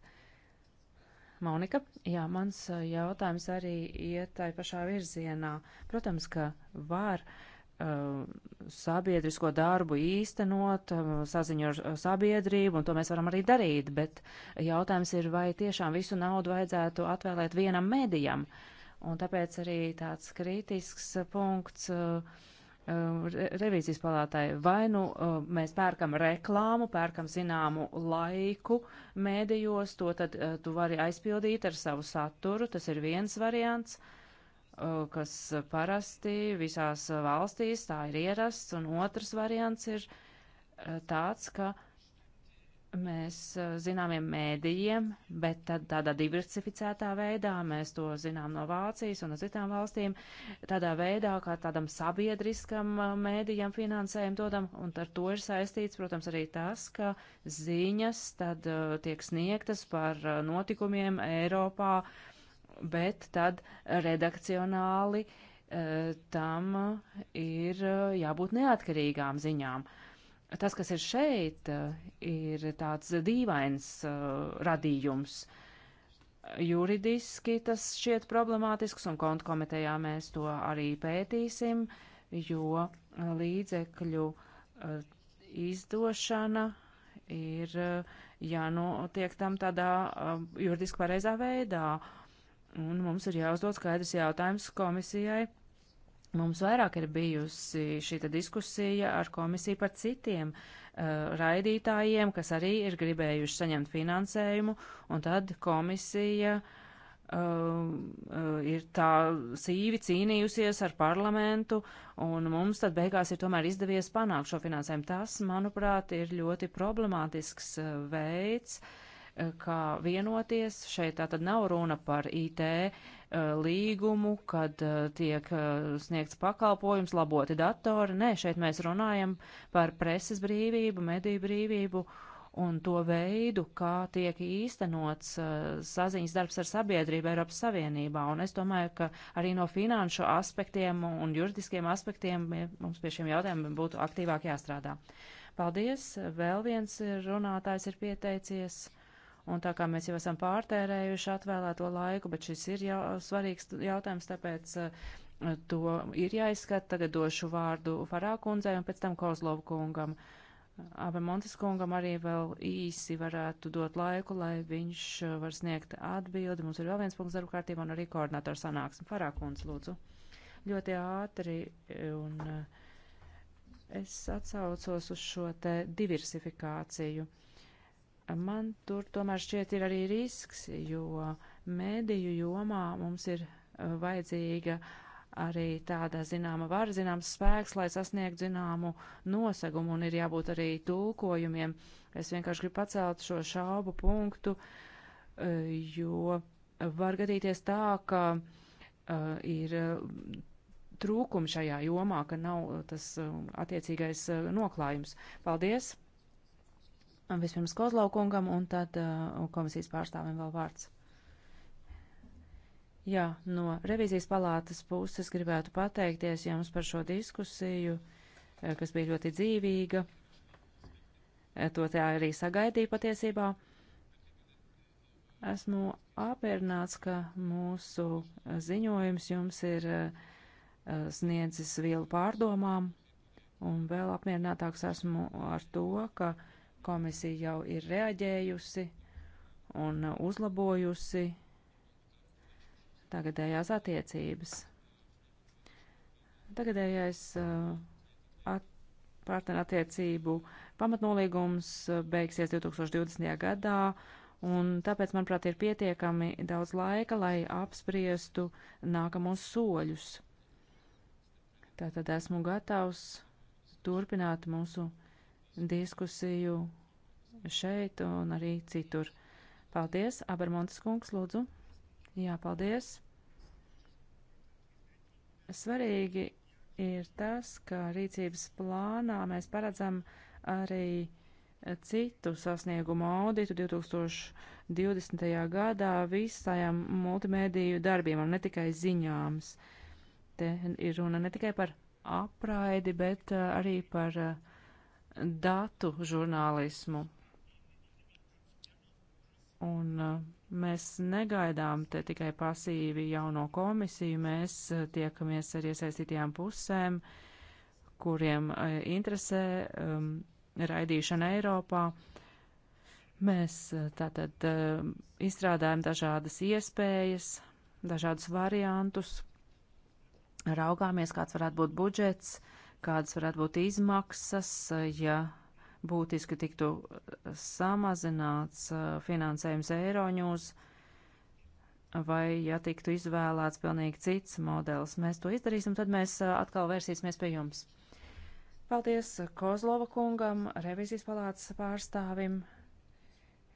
Monika, jā, mans jautājums arī iet tai pašā virzienā. Protams, ka var uh, Uh, sabiedrisko darbu īstenot, uh, saziņu ar uh, sabiedrību, un to mēs varam arī darīt, bet jautājums ir, vai tiešām visu naudu vajadzētu atvēlēt vienam medijam. Un tāpēc arī tāds kritisks punkts re revīzijas palātai. Vai nu mēs pērkam reklāmu, pērkam zināmu laiku mēdījos, to tad tu vari aizpildīt ar savu saturu, tas ir viens variants kas parasti visās valstīs tā ir ierasts, un otrs variants ir e, tāds, ka mēs e, zināmiem mēdījiem, bet tad tādā diversificētā veidā, mēs to zinām no Vācijas un no citām valstīm, tādā veidā, kā tādam sabiedriskam e, mēdījam finansējumu dodam, un ar to ir saistīts, protams, arī tas, ka ziņas tad tiek sniegtas par notikumiem Eiropā, uh, bet tad redakcionāli e, tam ir e, jābūt neatkarīgām ziņām. Tas, kas ir šeit, e, ir tāds dīvains radījums. Juridiski tas šķiet problemātisks, un kontu komitejā mēs to arī pētīsim, jo līdzekļu izdošana ir jānotiek tam tādā juridiski pareizā veidā. Uh, Un mums ir jāuzdod skaidrs jautājums komisijai. Mums vairāk ir bijusi šī diskusija ar komisiju par citiem uh, raidītājiem, kas arī ir gribējuši saņemt finansējumu, un tad komisija uh, uh, ir tā sīvi cīnījusies ar parlamentu, un mums tad beigās ir tomēr izdevies panākt šo finansējumu. Tas, manuprāt, ir ļoti problemātisks uh, veids. Uh, kā vienoties. Šeit tātad nav runa par IT eh, līgumu, kad eh, tiek eh, sniegts pakalpojums, laboti datori. Nē, šeit mēs runājam par preses brīvību, mediju brīvību un to veidu, kā tiek īstenots saziņas darbs ar sabiedrību Eiropas Savienībā. Un es domāju, ka arī no finanšu aspektiem un juridiskiem aspektiem mums pie šiem jautājumiem būtu aktīvāk jāstrādā. Paldies! Vēl viens runātājs ir pieteicies. Un tā kā mēs jau esam pārtērējuši atvēlēto laiku, bet šis ir jau svarīgs jautājums, tāpēc eh, to ir jāizskata. Tagad došu vārdu Farā kundzei un pēc tam Kozlovu kungam. Abe Montes kungam arī vēl īsi varētu dot laiku, lai viņš eh, var sniegt atbildi. Mums ir vēl viens punkts darba kārtībā un arī koordinātors sanāksme. Farā kundze, lūdzu. Ļoti ātri eh, un es atsaucos uz šo te diversifikāciju. Uh, Man tur tomēr šķiet ir arī risks, jo mēdīju jomā mums ir eh, vajadzīga arī tāda zināma var, zināms spēks, lai sasniegtu zināmu nosegumu, un ir jābūt arī tulkojumiem. Es vienkārši gribu pacelt šo šaubu punktu, eh, jo var gadīties tā, ka uh, ir trūkumi šajā jomā, ka nav tas attiecīgais noklājums. Paldies! Vispirms Kozlaukungam un tad uh, komisijas pārstāvim vēl vārds. Jā, no revīzijas palātas puses gribētu pateikties jums par šo diskusiju, eh, kas bija ļoti dzīvīga. Eh, to tā arī sagaidīja patiesībā. Esmu apmierināts, ka mūsu ziņojums jums ir eh, sniedzis vielu pārdomām, un vēl apmierinātāks esmu ar to, ka uh, Komisija jau ir reaģējusi un uzlabojusi tagadējās attiecības. Tagadējais uh, at, partnerattiecību pamatnolīgums uh, beigsies 2020. gadā, un tāpēc, manuprāt, ir pietiekami daudz laika, lai apspriestu nākamos soļus. Tātad esmu gatavs turpināt mūsu diskusiju šeit un arī citur. Paldies, Abermontas kungs, lūdzu. Jā, paldies. Svarīgi ir tas, ka rīcības plānā mēs paredzam arī citu sasniegumu auditu 2020. gadā visajam multimēdiju darbiem, un ne tikai ziņāms. Te ir runa ne tikai par apraidi, bet eh, arī par uh, datu žurnālismu. Un uh, mēs negaidām te tikai pasīvi jauno komisiju, mēs uh, tiekamies ar iesaistītajām pusēm, kuriem uh, interesē um, raidīšana Eiropā. Mēs tātad um, izstrādājam dažādas iespējas, dažādus variantus, raugāmies, kāds varētu būt budžets, uh, kādas varētu būt izmaksas, ja būtiski tiktu samazināts finansējums eiroņūs, vai ja tiktu izvēlēts pilnīgi cits modelis. Mēs to izdarīsim, tad mēs atkal vērsīsimies pie jums. Paldies Kozlova kungam, revizijas palātas pārstāvim,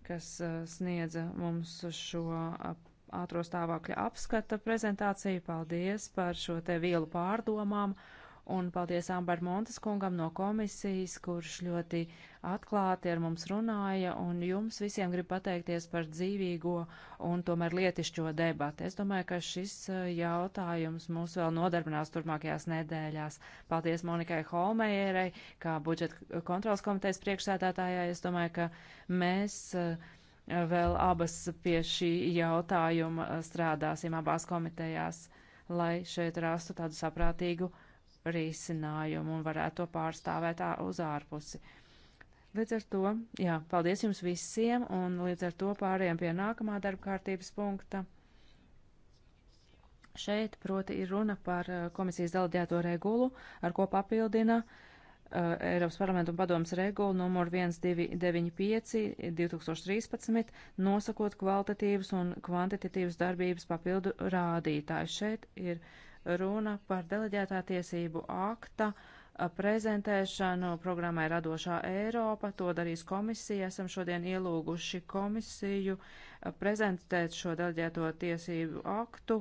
kas sniedza mums šo ātro stāvokļa apskata prezentāciju. Paldies par šo te vielu pārdomām un paldies Ambar Montes kungam no komisijas, kurš ļoti atklāti ar mums runāja, un jums visiem grib pateikties par dzīvīgo un tomēr lietišķo debatu. Es domāju, ka šis eh, jautājums mūs vēl nodarbinās turpmākajās nedēļās. Paldies Monikai Holmejerai, kā budžeta kontrolas komitejas priekšsēdētājai. Es domāju, ka mēs eh, vēl abas pie šī jautājuma eh, strādāsim abās komitejās, lai šeit rastu tādu saprātīgu risinājumu un varētu to pārstāvēt uz ārpusi. Līdz ar to, jā, paldies jums visiem, un līdz ar to pārējām pie nākamā darba kārtības punkta. Šeit, proti, ir runa par komisijas delegēto regulu, ar ko papildina uh, Eiropas parlamentu un padomas regulu numur 1295 2013, nosakot kvalitatīvas un kvantitatīvas darbības papildu rādītājus. Šeit ir uh, runa par deleģētā tiesību akta prezentēšanu programmai Radošā Eiropa. To darīs komisija. Esam šodien ielūguši komisiju prezentēt šo deleģēto tiesību aktu,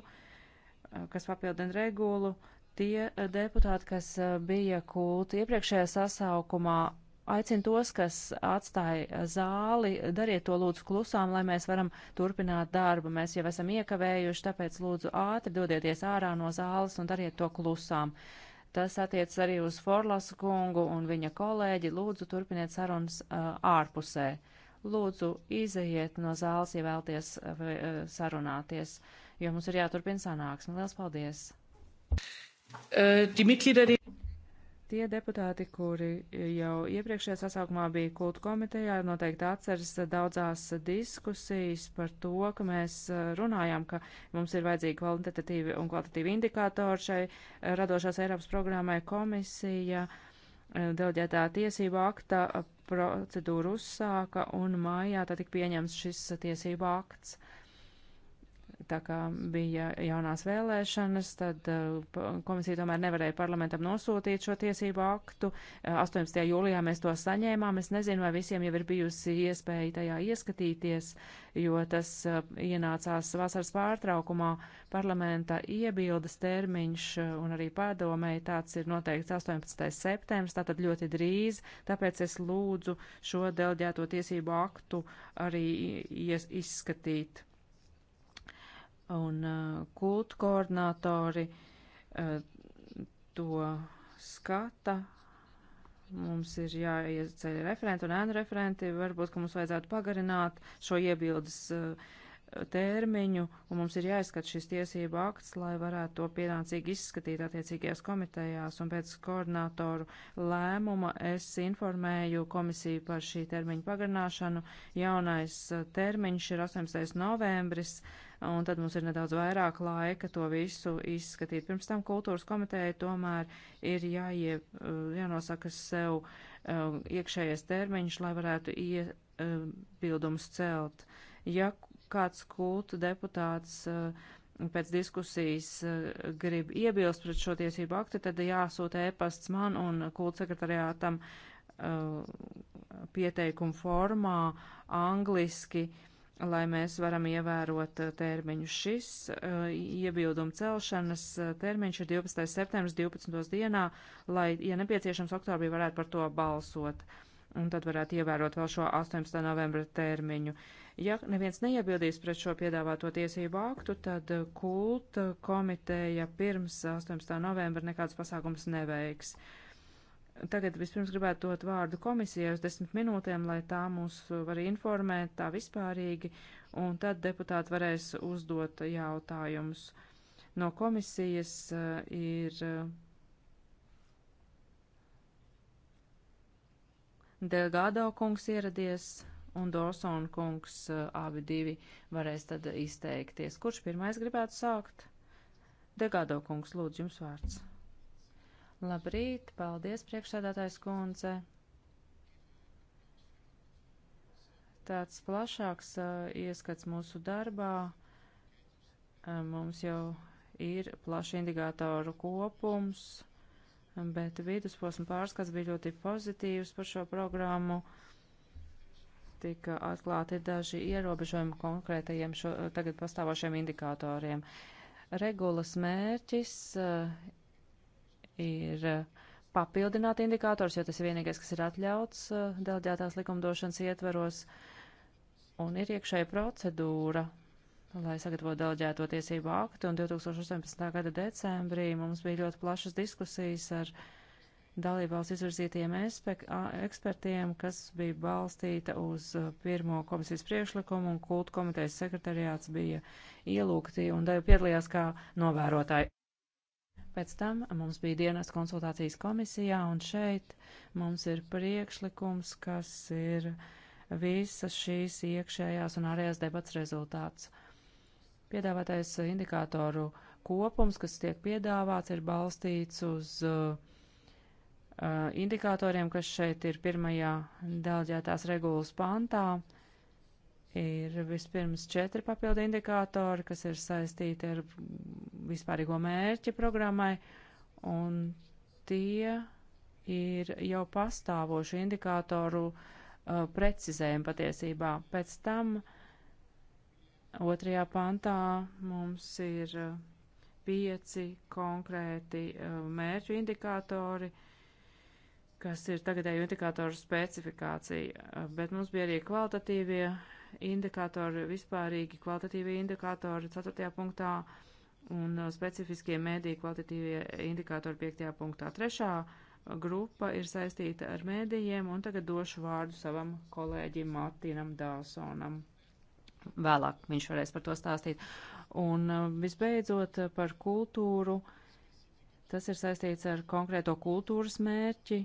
kas papildina regulu. Tie deputāti, kas bija kulti iepriekšējā sasaukumā, aicinu tos, kas atstāja eh, zāli, dariet to lūdzu klusām, lai mēs varam turpināt darbu. Mēs jau esam iekavējuši, tāpēc lūdzu ātri dodieties ārā no zāles un dariet to klusām. Tas attiec arī uz Forlasu kungu un viņa kolēģi. Lūdzu, turpiniet sarunas uh, ārpusē. Lūdzu, izejiet no zāles, ja vēlties uh, sarunāties, jo mums ir jāturpina sanāksme. Lielas paldies! Uh, die Mitglieder, die Tie deputāti, kuri jau iepriekšējā sasaukumā bija kultu komitejā, noteikti atceras daudzās diskusijas par to, ka mēs runājām, ka mums ir vajadzīgi kvalitatīvi un kvalitatīvi indikātori šai radošās Eiropas programmai komisija. Eh, Delģētā tiesība akta eh, procedūru uzsāka un mājā tad tika pieņemts šis tiesība akts. Uh, tā kā bija jaunās vēlēšanas, tad eh, komisija tomēr nevarēja parlamentam nosūtīt šo tiesību aktu. 18. Eh, jūlijā mēs to saņēmām. Es nezinu, vai visiem jau ir bijusi iespēja tajā ieskatīties, jo tas eh, ienācās vasaras pārtraukumā. Parlamenta iebildes termiņš un arī pārdomēji tāds ir noteikts 18. septembris, tātad ļoti drīz. Tāpēc es lūdzu šo delģēto tiesību aktu arī izskatīt un uh, kultu koordinātori uh, to skata. Mums ir jāieceļ referenti un ēnu referenti. Varbūt, ka mums vajadzētu pagarināt šo iebildes uh, termiņu, un mums ir jāizskat šis tiesību akts, lai varētu to pienācīgi izskatīt attiecīgajās komitejās, un pēc koordinātoru lēmuma es informēju komisiju par šī termiņa pagarināšanu. Jaunais uh, termiņš ir 18. novembris, un tad mums ir nedaudz vairāk laika to visu izskatīt. Pirms tam kultūras komiteja tomēr ir jāie, uh, jānosaka sev uh, iekšējais termiņš, lai varētu iebildumus celt. Ja kāds kultu deputāts eh, pēc diskusijas eh, grib iebilst pret šo tiesību aktu, tad jāsūta ēpasts man un kultu sekretariātam eh, pieteikumu formā angliski lai mēs varam ievērot termiņu. Šis uh, iebildumu celšanas termiņš ir 12. septembris 12. dienā, lai, ja nepieciešams, oktobrī varētu par to balsot un tad varētu ievērot vēl šo 18. novembra termiņu. Ja neviens neiebildīs pret šo piedāvāto tiesību aktu, tad kulta komiteja pirms 18. novembra nekāds pasākums neveiks. Tagad vispirms gribētu dot vārdu komisijai uz desmit minūtēm, lai tā mūs var informēt tā vispārīgi, un tad deputāti varēs uzdot jautājumus. No komisijas eh, ir eh, Delgado kungs ieradies un Dorsona kungs abi divi varēs tad izteikties. Kurš pirmais gribētu sākt? Delgado kungs, lūdzu, jums vārds. Labrīt, paldies, priekšsēdātājs kundze. Tāds plašāks uh, ieskats mūsu darbā. Uh, mums jau ir plaši indikātoru kopums. Uh, bet vidusposma pārskats bija ļoti pozitīvs par šo programmu. Tika atklāti daži ierobežojumi konkrētajiem šo, tagad pastāvošiem indikatoriem. Regulas mērķis uh, ir eh, papildināt indikators, jo tas ir vienīgais, kas ir atļauts uh, eh, delģētās likumdošanas ietveros, un ir iekšēja procedūra, lai sagatavotu delģēto tiesību aktu, un 2018. gada decembrī mums bija ļoti plašas diskusijas ar dalībvalsts izvirzītiem ekspertiem, kas bija balstīta uz uh, pirmo komisijas priekšlikumu, un kultu komitejas sekretariāts bija ielūgti un piedalījās kā novērotāji. Pēc tam mums bija dienas konsultācijas komisijā, un šeit mums ir priekšlikums, kas ir visas šīs iekšējās un ārējās debats rezultāts. Uh, Piedāvātais indikātoru kopums, kas tiek piedāvāts, ir balstīts uz uh, indikatoriem, kas šeit ir pirmajā delģētās regulas pantā. Ir vispirms četri papildu indikatori, kas ir saistīti ar vispārīgo mērķi programmai, un tie ir jau pastāvošu indikātoru uh, precizējumi patiesībā. Pēc tam uh, Otrajā pantā mums ir uh, pieci konkrēti uh, mērķu indikātori, kas ir tagadēju indikātoru specifikācija, uh, bet mums bija arī kvalitatīvie indikātori, vispārīgi kvalitatīvie indikātori 4. punktā un specifiskie mēdīju kvalitatīvie indikātori 5. punktā. Trešā grupa ir saistīta ar mēdījiem, un tagad došu vārdu savam kolēģim Mārtiņam Dālsonam. Vēlāk viņš varēs par to stāstīt. Un uh, visbeidzot par kultūru. Tas ir saistīts ar konkrēto kultūras mērķi.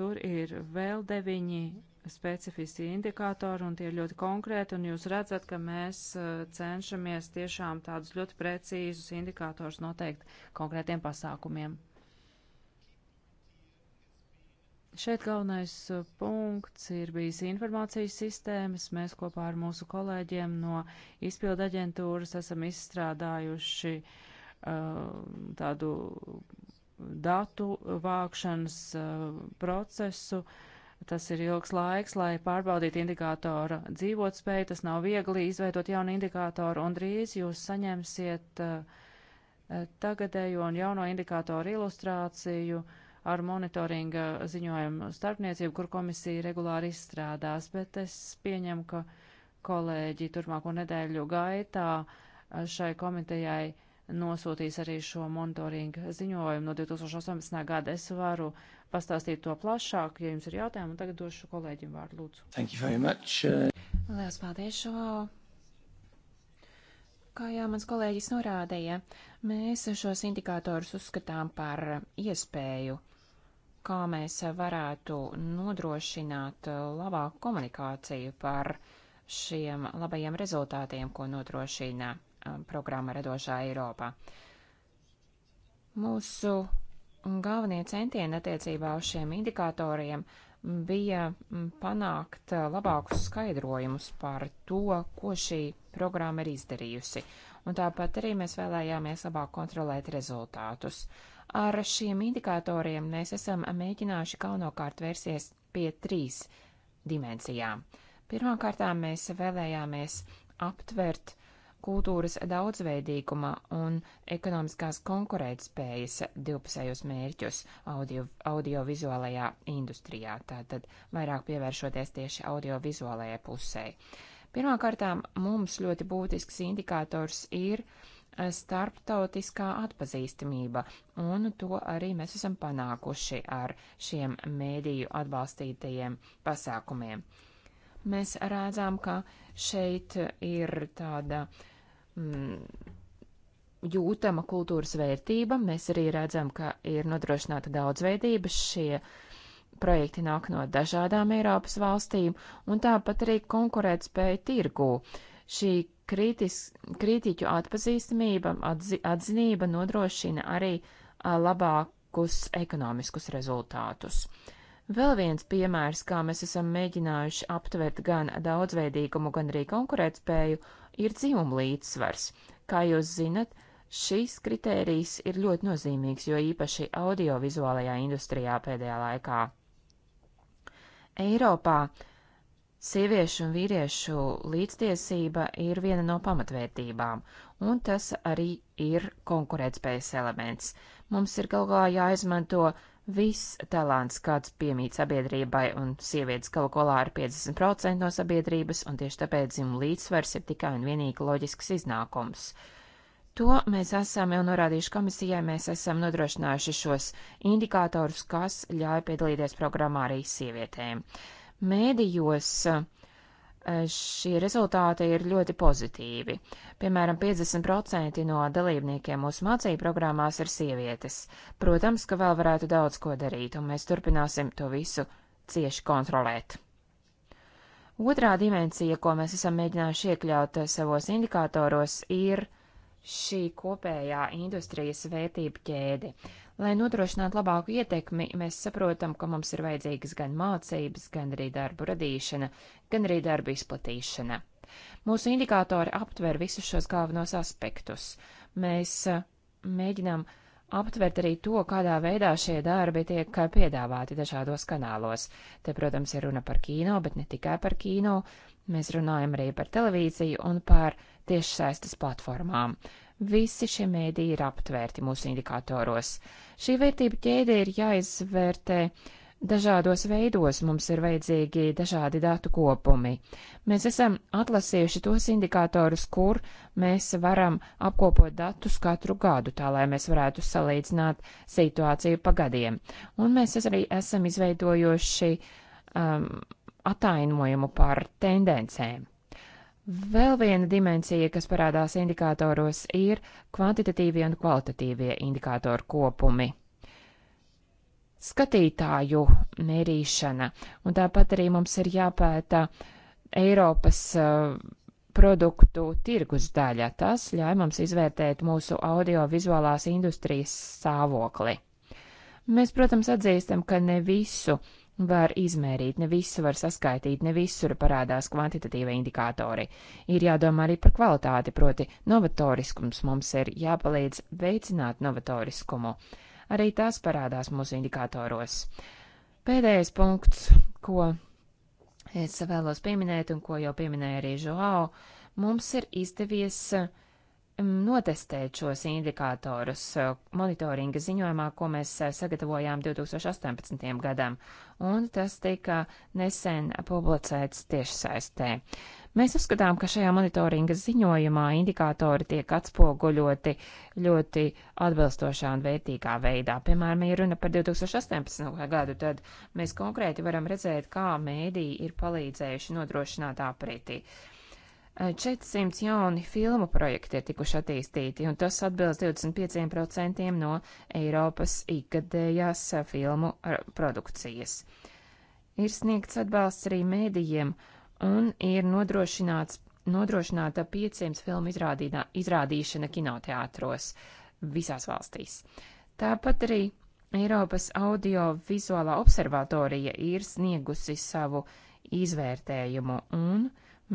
Tur ir vēl deviņi specifiski indikātori, un tie ir ļoti konkrēti, un jūs redzat, ka mēs uh, cenšamies tiešām tādus ļoti precīzus indikātors noteikt konkrētiem pasākumiem. Šeit galvenais uh, punkts ir bijis informācijas sistēmas. Mēs kopā ar mūsu kolēģiem no izpildu aģentūras esam izstrādājuši uh, tādu datu vākšanas uh, procesu. Tas ir ilgs laiks, lai pārbaudītu indikātora dzīvotspēju. Tas nav viegli izveidot jaunu indikātoru, un drīz jūs saņemsiet uh, tagadējo un jauno indikātoru ilustrāciju. Uh, ar monitoringa ziņojumu starpniecību, kur komisija regulāri izstrādās, bet es pieņemu, ka kolēģi turpmāko nedēļu gaitā šai komitejai nosūtīs arī šo monitoringa ziņojumu no 2018. gada. Es varu pastāstīt to plašāk, ja jums ir jautājumi, un tagad došu kolēģim vārdu lūdzu. Thank you very much. Uh, Lielas paldies šo. Kā jau mans kolēģis norādīja, mēs šos indikātorus uzskatām par iespēju kā mēs varētu nodrošināt labāku komunikāciju par šiem labajiem rezultātiem, ko nodrošina programma Radošā Eiropā. Mūsu galvenie centieni attiecībā uz šiem indikatoriem bija panākt labākus skaidrojumus par to, ko šī programma ir izdarījusi, un tāpat arī mēs vēlējāmies labāk kontrolēt rezultātus. Ar šiem indikatoriem mēs esam mēģinājuši galvenokārt vērsties pie trīs dimensijām. Pirmkārtām mēs vēlējāmies aptvert kultūras daudzveidīguma un ekonomiskās konkurētspējas divpusējos mērķus audio, audiovizuālajā industrijā, tātad vairāk pievēršoties tieši audiovizuālajai pusē. Pirmkārtām mums ļoti būtisks indikators ir uh, starptautiskā atpazīstamība, un to arī mēs esam panākuši ar šiem mēdīju atbalstītajiem pasākumiem. Mēs redzam, ka šeit ir tāda mm, jūtama kultūras vērtība, mēs arī redzam, ka ir nodrošināta daudzveidība šie projekti nāk no dažādām Eiropas valstīm, un tāpat arī konkurētspēja tirgū. Šī kritis, kritiķu atpazīstamība, atzi, atzinība nodrošina arī labākus ekonomiskus rezultātus. Vēl viens piemērs, kā mēs esam mēģinājuši aptvert gan daudzveidīgumu, gan arī konkurētspēju, ir dzimuma līdzsvars. Kā jūs zinat, šis kritērijs ir ļoti nozīmīgs, jo īpaši audiovizuālajā industrijā pēdējā laikā. Eiropā Sieviešu un vīriešu līdztiesība ir viena no pamatvērtībām, un tas arī ir konkurētspējas elements. Mums ir galu galā jāizmanto viss talants, kāds piemīt sabiedrībai, un sievietes galu galā ir 50% no sabiedrības, un tieši tāpēc dzimumu līdzsvars ir tikai un vienīgi loģisks iznākums. To mēs esam jau norādījuši komisijai, mēs esam nodrošinājuši šos indikātorus, kas ļauj piedalīties programmā arī sievietēm. Uh, mēdījos eh, šie rezultāti ir ļoti pozitīvi. Piemēram, 50% no dalībniekiem mūsu mācību programmās ir sievietes. Protams, ka vēl varētu daudz ko darīt, un mēs turpināsim to visu cieši kontrolēt. Otrā dimensija, ko mēs esam mēģinājuši iekļaut eh, savos indikātoros, ir šī kopējā industrijas vērtība ķēde. Lai nodrošinātu labāku ietekmi, mēs saprotam, ka mums ir vajadzīgas gan mācības, gan arī darbu radīšana, gan arī darbu izplatīšana. Mūsu indikātori aptver visus šos galvenos aspektus. Mēs mēģinām aptvert arī to, kādā veidā šie darbi tiek piedāvāti dažādos kanālos. Te, protams, ir runa par kino, bet ne tikai par kino. Mēs runājam arī par televīziju un par tiešsaistes platformām. Visi šie mēdī ir aptvērti mūsu indikatoros. Šī vērtību ķēde ir jāizvērtē dažādos veidos, mums ir vajadzīgi dažādi datu kopumi. Mēs esam atlasījuši tos indikatorus, kur mēs varam apkopot datus katru gadu, tā lai mēs varētu salīdzināt situāciju pa gadiem. Un mēs arī esam izveidojuši um, atainojumu par tendencēm. Vēl viena dimensija, kas parādās indikātoros, ir kvantitatīvie un kvalitatīvie indikātoru kopumi. Skatītāju mērīšana, un tāpat arī mums ir jāpēta Eiropas uh, produktu tirgus daļa. Tas ļauj mums izvērtēt mūsu audiovizuālās industrijas stāvokli. Mēs, protams, atzīstam, ka ne visu var izmērīt, ne visu var saskaitīt, ne visur parādās kvantitatīvie indikātori. Ir jādomā arī par kvalitāti, proti novatoriskums mums ir jāpalīdz veicināt novatoriskumu. Arī tās parādās mūsu indikātoros. Pēdējais punkts, ko es vēlos pieminēt un ko jau pieminēja arī Žoao, mums ir izdevies uh, Mm, notestēt šos indikātorus e, monitoringa ziņojumā, ko mēs e, sagatavojām 2018. gadam, un tas tika nesen publicēts tiešsaistē. Mēs uzskatām, ka šajā monitoringa ziņojumā indikātori tiek atspoguļoti ļoti atbilstošā un vērtīgā veidā. Piemēram, ja runa par 2018. gadu, tad mēs konkrēti varam redzēt, kā mēdī ir palīdzējuši nodrošināt apritī. Uh, 400 jauni filmu projekti ir tikuši attīstīti, un tas atbilst 25% no Eiropas ikgadējās filmu produkcijas. Ir sniegts atbalsts arī mēdījiem, un ir nodrošināta 500 filmu izrādīnā, izrādīšana kinoteātros visās valstīs. Tāpat arī Eiropas audio-vizuālā observatorija ir sniegusi savu uh, izvērtējumu, un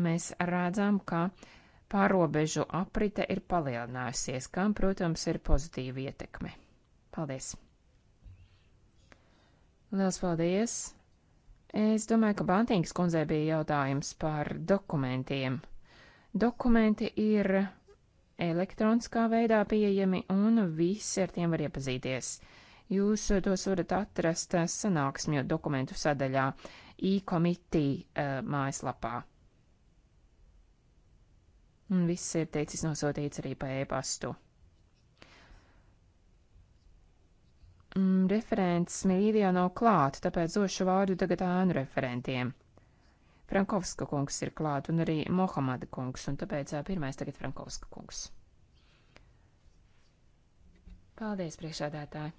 mēs redzam, ka pārobežu aprite ir palielinājusies, kam, protams, ir pozitīva ietekme. Paldies! Liels paldies! Es domāju, ka Bantīngas kundzē bija jautājums par dokumentiem. Dokumenti ir elektroniskā veidā pieejami, un visi ar tiem var iepazīties. Jūs eh, tos varat atrast eh, sanāksmju dokumentu sadaļā e-komitī eh, mājaslapā. Un viss ir teicis nosūtīts arī pa e-pastu. Mm, referents Mirīdijā nav klāt, tāpēc došu vārdu tagad ēnu referentiem. Frankovska kungs ir klāt un arī Mohamada kungs, un tāpēc pirmais tagad Frankovska kungs. Paldies, priekšādātāji!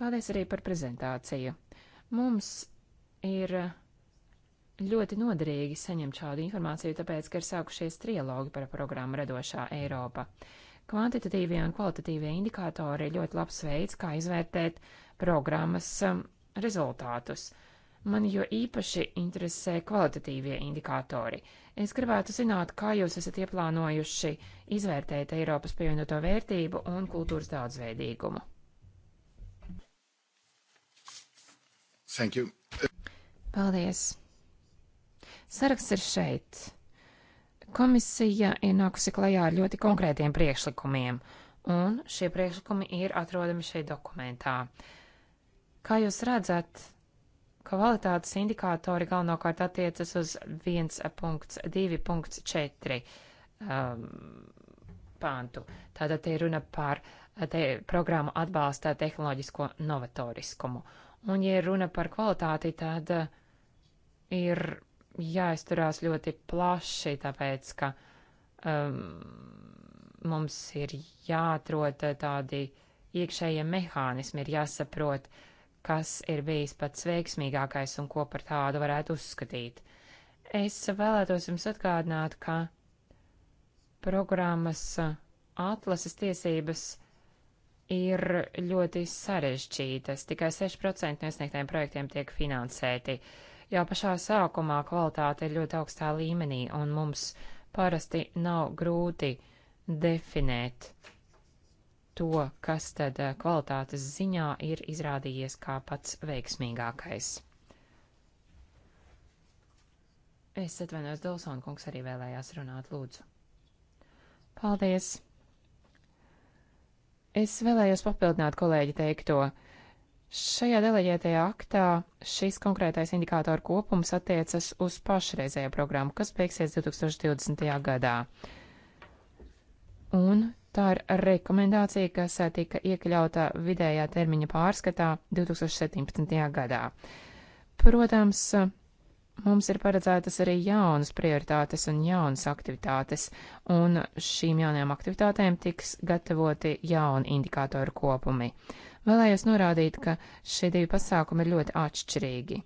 Paldies arī par prezentāciju. Mums ir ļoti noderīgi saņemt šādu informāciju, tāpēc, ka ir sākušies trialogi par programmu Radošā Eiropa. Kvantitatīvie un kvalitatīvie indikātori ir ļoti labs veids, kā izvērtēt programmas um, rezultātus. Man jo īpaši interesē kvalitatīvie indikātori. Es gribētu zināt, kā jūs esat ieplānojuši izvērtēt Eiropas pievienoto vērtību un kultūras daudzveidīgumu. Thank you. Paldies. Saraksts ir šeit. Komisija ir nākusi klajā ar ļoti konkrētiem priekšlikumiem, un šie priekšlikumi ir atrodami šeit dokumentā. Kā jūs redzat, kvalitātes indikātori galvenokārt attiecas uz 1.2.4 um, pāntu. Tātad te ir runa par te, programmu atbalstā tehnoloģisko novatoriskumu. Un, ja runa par kvalitāti, tad eh, ir jāizturās ļoti plaši, tāpēc, ka um, mums ir jāatrod tādi iekšējie mehānismi, ir jāsaprot, kas ir bijis pats veiksmīgākais un ko par tādu varētu uzskatīt. Es vēlētos jums atgādināt, ka programmas atlases tiesības ir ļoti sarežģītas. Tikai 6% no iesniegtiem projektiem tiek finansēti. Jau pašā sākumā kvalitāte ir ļoti augstā līmenī, un mums parasti nav grūti definēt to, kas tad eh, kvalitātes ziņā ir izrādījies kā pats veiksmīgākais. Es atvainojos, Dolsona kungs arī vēlējās runāt, lūdzu. Paldies! Es vēlējos papildināt kolēģi teikto. Šajā deleģētajā aktā šis konkrētais indikātoru kopums attiecas uz pašreizējo programmu, kas beigsies 2020. gadā. Un tā ir rekomendācija, kas tika iekļauta vidējā termiņa pārskatā 2017. gadā. Protams, mums ir paredzētas arī jaunas prioritātes un jaunas aktivitātes, un šīm jaunajām aktivitātēm tiks gatavoti jauni indikātoru kopumi. Vēlējos norādīt, ka šie divi pasākumi ir ļoti atšķirīgi.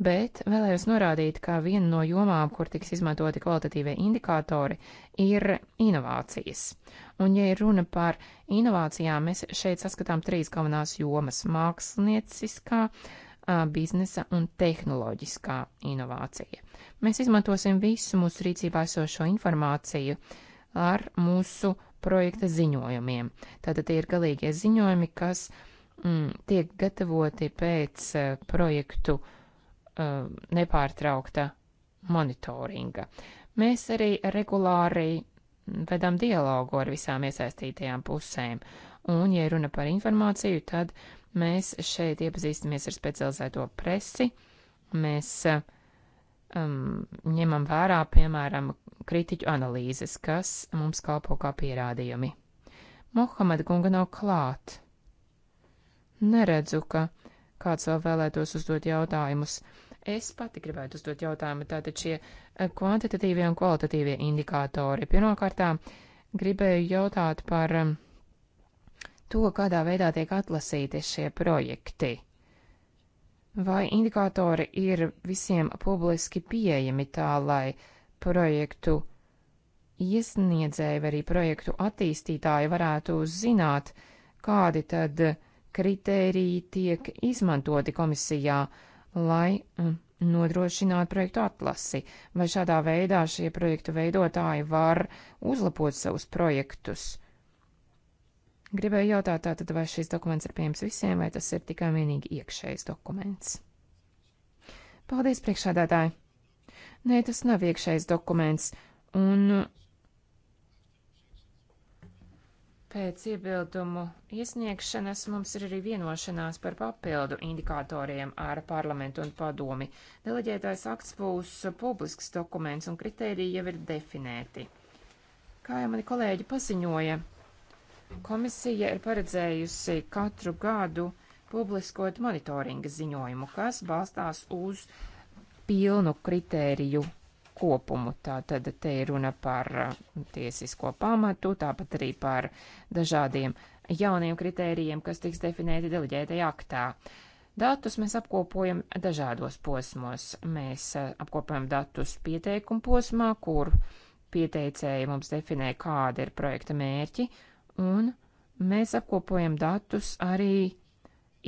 Bet vēlējos norādīt, ka viena no jomām, kur tiks izmantoti kvalitatīvie indikātori, ir inovācijas. Un, ja ir runa par inovācijām, mēs šeit saskatām trīs galvenās jomas - mākslinieckā, uh, biznesa un tehnoloģiskā inovācija. Mēs izmantosim visu mūsu rīcībā esošo informāciju ar mūsu projekta ziņojumiem. Tātad tie ir galīgie ziņojumi, kas mm, tiek gatavoti pēc uh, projektu uh, nepārtraukta monitoringa. Mēs arī regulāri vedam dialogu ar visām iesaistītajām pusēm, un, ja runa par informāciju, tad uh, Mēs šeit iepazīstamies ar specializēto presi, mēs um, ņemam vērā, piemēram, kritiķu analīzes, kas mums kalpo kā pierādījumi. Mohameda kunga nav klāt. Neredzu, ka kāds vēl vēlētos uzdot jautājumus. Es pati gribētu uzdot jautājumu, tātad šie eh, kvantitatīvie un kvalitatīvie indikātori. Pirmkārtām gribēju jautāt par um, to, kādā veidā tiek atlasīti šie projekti. Vai indikātori ir visiem publiski pieejami tā, lai projektu iesniedzēji vai arī projektu attīstītāji varētu zināt, kādi tad kritēriji tiek izmantoti komisijā, lai mm, nodrošinātu projektu atlasi, vai šādā veidā šie projektu veidotāji var uzlabot savus projektus. Gribēju jautāt, tātad, vai šis dokuments ir pieejams visiem, vai tas ir tikai vienīgi iekšējs dokuments? Paldies, priekšādātāji! Nē, tas nav iekšējs dokuments, un pēc iebildumu iesniegšanas mums ir arī vienošanās par papildu indikatoriem ar parlamentu un padomi. Deleģētais akts būs publisks dokuments, un kritēriji jau ir definēti. Kā jau mani kolēģi paziņoja, Komisija ir paredzējusi katru gadu publiskot monitoringa ziņojumu, kas balstās uz pilnu kritēriju kopumu. Tātad te ir runa par uh, tiesisko pamatu, tāpat arī par dažādiem jauniem kritērijiem, kas tiks definēti deleģētajā aktā. Datus mēs apkopojam dažādos posmos. Mēs uh, apkopojam datus pieteikuma posmā, kur pieteicēji mums definē, kāda ir projekta mērķi, un mēs apkopojam datus arī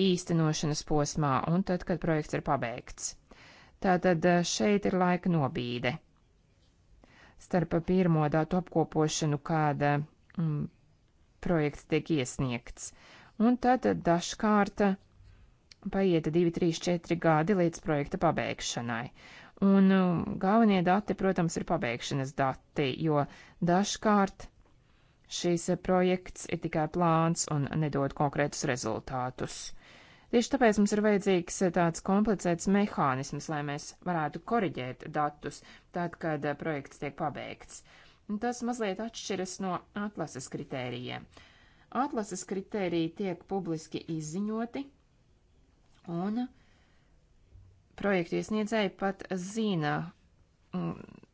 īstenošanas posmā un tad, kad projekts ir pabeigts. Tātad eh, šeit ir laika nobīde. Starp pirmo datu apkopošanu, kāda mm, projekts tiek iesniegts, un tad dažkārt paiet 2, 3, 4 gadi līdz projekta pabeigšanai. Un mm, galvenie dati, protams, ir pabeigšanas dati, jo dažkārt šīs eh, projekts ir tikai plāns un nedod konkrētus rezultātus. Tieši tāpēc mums ir vajadzīgs eh, tāds komplicēts mehānisms, lai mēs varētu koriģēt datus tad, kad eh, projekts tiek pabeigts. Tas mazliet atšķiras no atlases kritērijiem. Atlases kritēriji tiek publiski izziņoti, un projektu iesniedzēji pat zina, mm,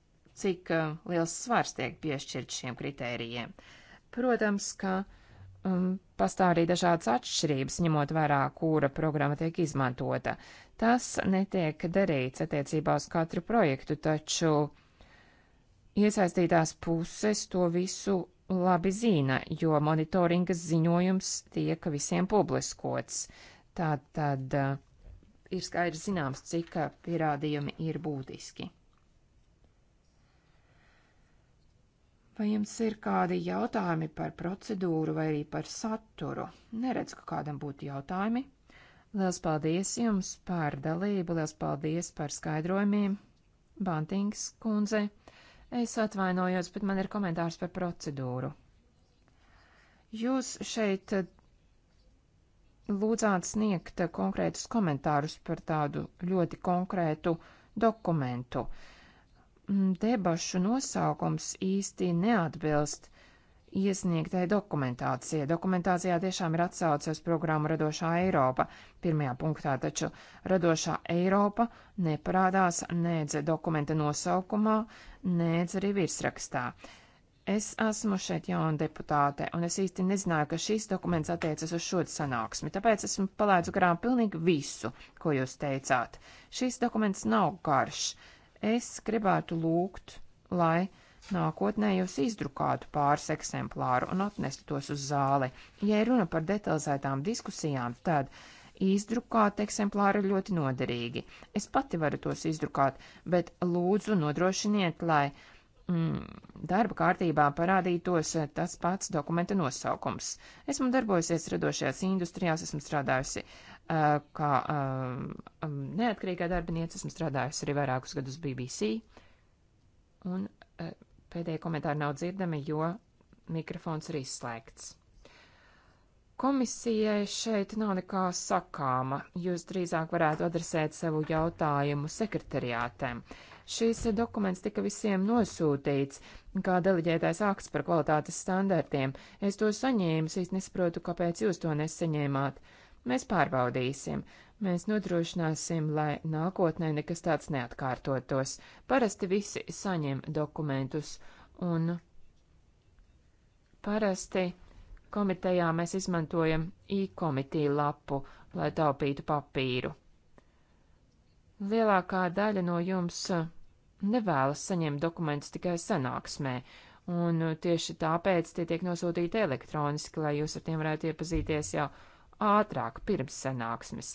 cik liels svars tiek piešķirts šiem kritērijiem. Uh, Protams, ka um, pastāv arī dažādas atšķirības, ņemot vērā, kura programma tiek izmantota. Tas netiek darīts attiecībā uz katru projektu, taču iesaistītās puses to visu labi zina, jo monitoringa ziņojums tiek visiem publiskots. Tātad uh, ir skaidrs zināms, cik uh, pierādījumi ir būtiski. Vai jums ir kādi jautājumi par procedūru vai arī par saturu? Neredz, ka kādam būtu jautājumi. Liels paldies jums par dalību, liels paldies par skaidrojumiem. Bantings kundze, es atvainojos, bet man ir komentārs par procedūru. Jūs šeit lūdzāt sniegt konkrētus komentārus par tādu ļoti konkrētu dokumentu. Uh, Mm, debašu nosaukums īsti neatbilst iesniegtai dokumentācijai. Dokumentācijā tiešām ir atsauce uz programmu Radošā Eiropa pirmajā punktā, taču Radošā Eiropa neparādās nec dokumenta nosaukumā, nec arī virsrakstā. Es esmu šeit jauna deputāte, un es īsti nezināju, ka šīs dokuments attiecas uz šo sanāksmi, tāpēc esmu palēdzu garām pilnīgi visu, ko jūs teicāt. Šīs dokuments nav garš. Uh, Es gribētu lūgt, lai nākotnē jūs izdrukātu pāris eksemplāru un atnestu tos uz zāli. Ja runa par detalizētām diskusijām, tad izdrukāt eksemplāri ir ļoti noderīgi. Es pati varu tos izdrukāt, bet lūdzu nodrošiniet, lai Mm, darba kārtībā parādītos eh, tas pats dokumenta nosaukums. Esmu darbojusies radošajās industrijās, esmu strādājusi uh, kā uh, neatkarīgā darbinieca, esmu strādājusi arī vairākus gadus BBC. Un uh, pēdējie komentāri nav dzirdami, jo mikrofons ir izslēgts. Komisijai šeit nav nekā sakāma. Jūs drīzāk varētu adresēt savu jautājumu sekretariātēm. Uh, Šis dokuments tika visiem nosūtīts kā deleģētais akts par kvalitātes standartiem. Es to saņēmu, es nesaprotu, kāpēc jūs to nesaņēmāt. Mēs pārbaudīsim. Mēs nodrošināsim, lai nākotnē nekas tāds neatkārtotos. Parasti visi saņem dokumentus, un parasti komitejā mēs izmantojam e-komitīju lapu, lai taupītu papīru. Lielākā daļa no jums nevēlas saņemt dokumentus tikai sanāksmē, un tieši tāpēc tie tiek nosūtīti elektroniski, lai jūs ar tiem varētu iepazīties jau ātrāk pirms sanāksmes.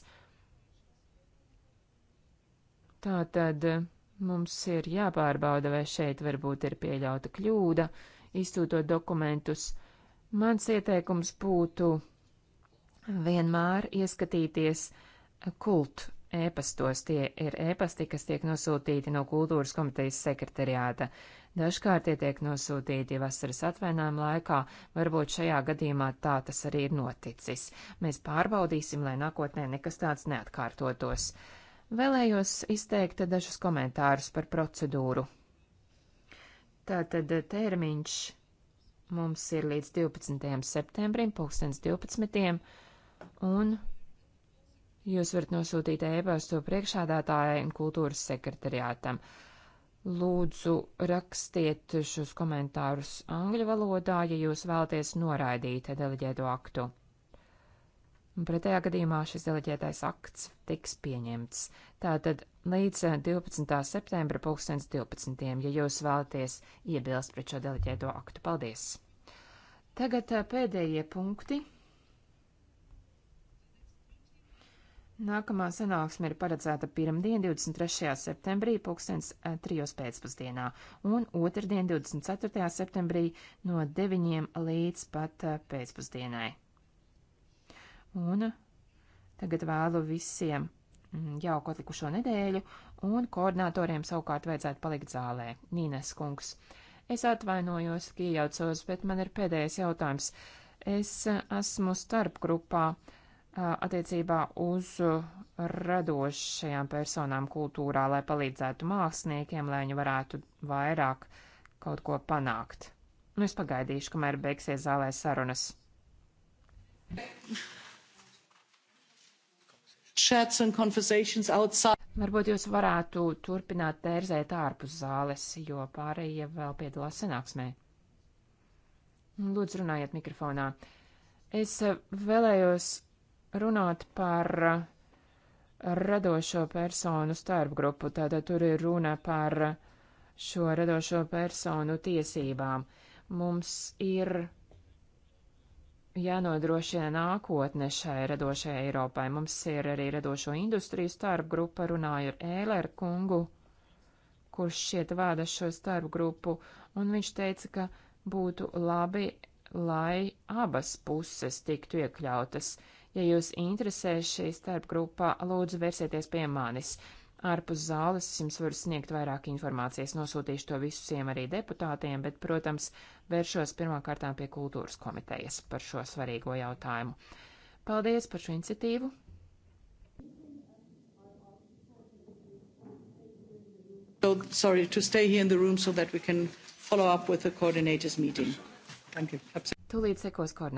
Tātad eh, mums ir jāpārbauda, vai šeit varbūt ir pieļauta kļūda, izsūtot dokumentus. Mans ieteikums būtu vienmēr ieskatīties eh, kultu ēpastos. Tie ir ēpasti, kas tiek nosūtīti no kultūras komitejas sekretariāta. Dažkārt tie tiek nosūtīti vasaras atvainājuma laikā, varbūt šajā gadījumā tā tas arī ir noticis. Mēs pārbaudīsim, lai nākotnē nekas tāds neatkārtotos. Vēlējos izteikt dažus komentārus par procedūru. Tātad termiņš mums ir līdz 12. septembrim, 2012. un Jūs varat nosūtīt e-pastu priekšādātājai un kultūras sekretariātam. Lūdzu, rakstiet šos komentārus angļu valodā, ja jūs vēlaties noraidīt deleģēto aktu. Un pretējā gadījumā šis deleģētais akts tiks pieņemts. Tātad līdz 12. septembra 2012. ja jūs vēlaties iebilst pret šo deleģēto aktu. Paldies! Tagad eh, pēdējie punkti Nākamā sanāksme ir paredzēta pirmdien, 23. septembrī, pulkstens 3. Eh, pēcpusdienā, un otrdien, 24. septembrī, no 9. līdz pat eh, pēcpusdienai. Un eh, tagad vēlu visiem mm, jauku atlikušo nedēļu, un koordinatoriem savukārt vajadzētu palikt zālē. Nīnes kungs. Es atvainojos, ka iejaucos, bet man ir pēdējais jautājums. Es esmu starp grupā attiecībā uz radošajām personām kultūrā, lai palīdzētu māksliniekiem, lai viņi varētu vairāk kaut ko panākt. Nu, es pagaidīšu, kamēr beigsies zālē sarunas. Varbūt jūs varētu turpināt tērzēt ārpus zāles, jo pārējie vēl piedalās sanāksmē. Lūdzu, runājiet mikrofonā. Es vēlējos runāt par eh, radošo personu starpgrupu, tātad tur ir runa par šo radošo personu tiesībām. Mums ir jānodrošina nākotne šai radošajai Eiropai. Mums ir arī radošo industriju starpgrupa, runāju ar Ēleru kungu, kurš šiet vāda šo starpgrupu, un viņš teica, ka būtu labi, lai abas puses tiktu iekļautas. Ja jūs interesē šī starpgrupā, lūdzu vērsieties pie manis. Ārpus zāles es jums varu sniegt vairāk informācijas, nosūtīšu to visiem arī deputātiem, bet, protams, vēršos pirmkārtām pie kultūras komitejas par šo svarīgo jautājumu. Paldies par šo iniciatīvu! So, sorry, to stay here in the room so that we can follow up with the coordinators meeting. Thank you. Tūlīt sekos koordinātors.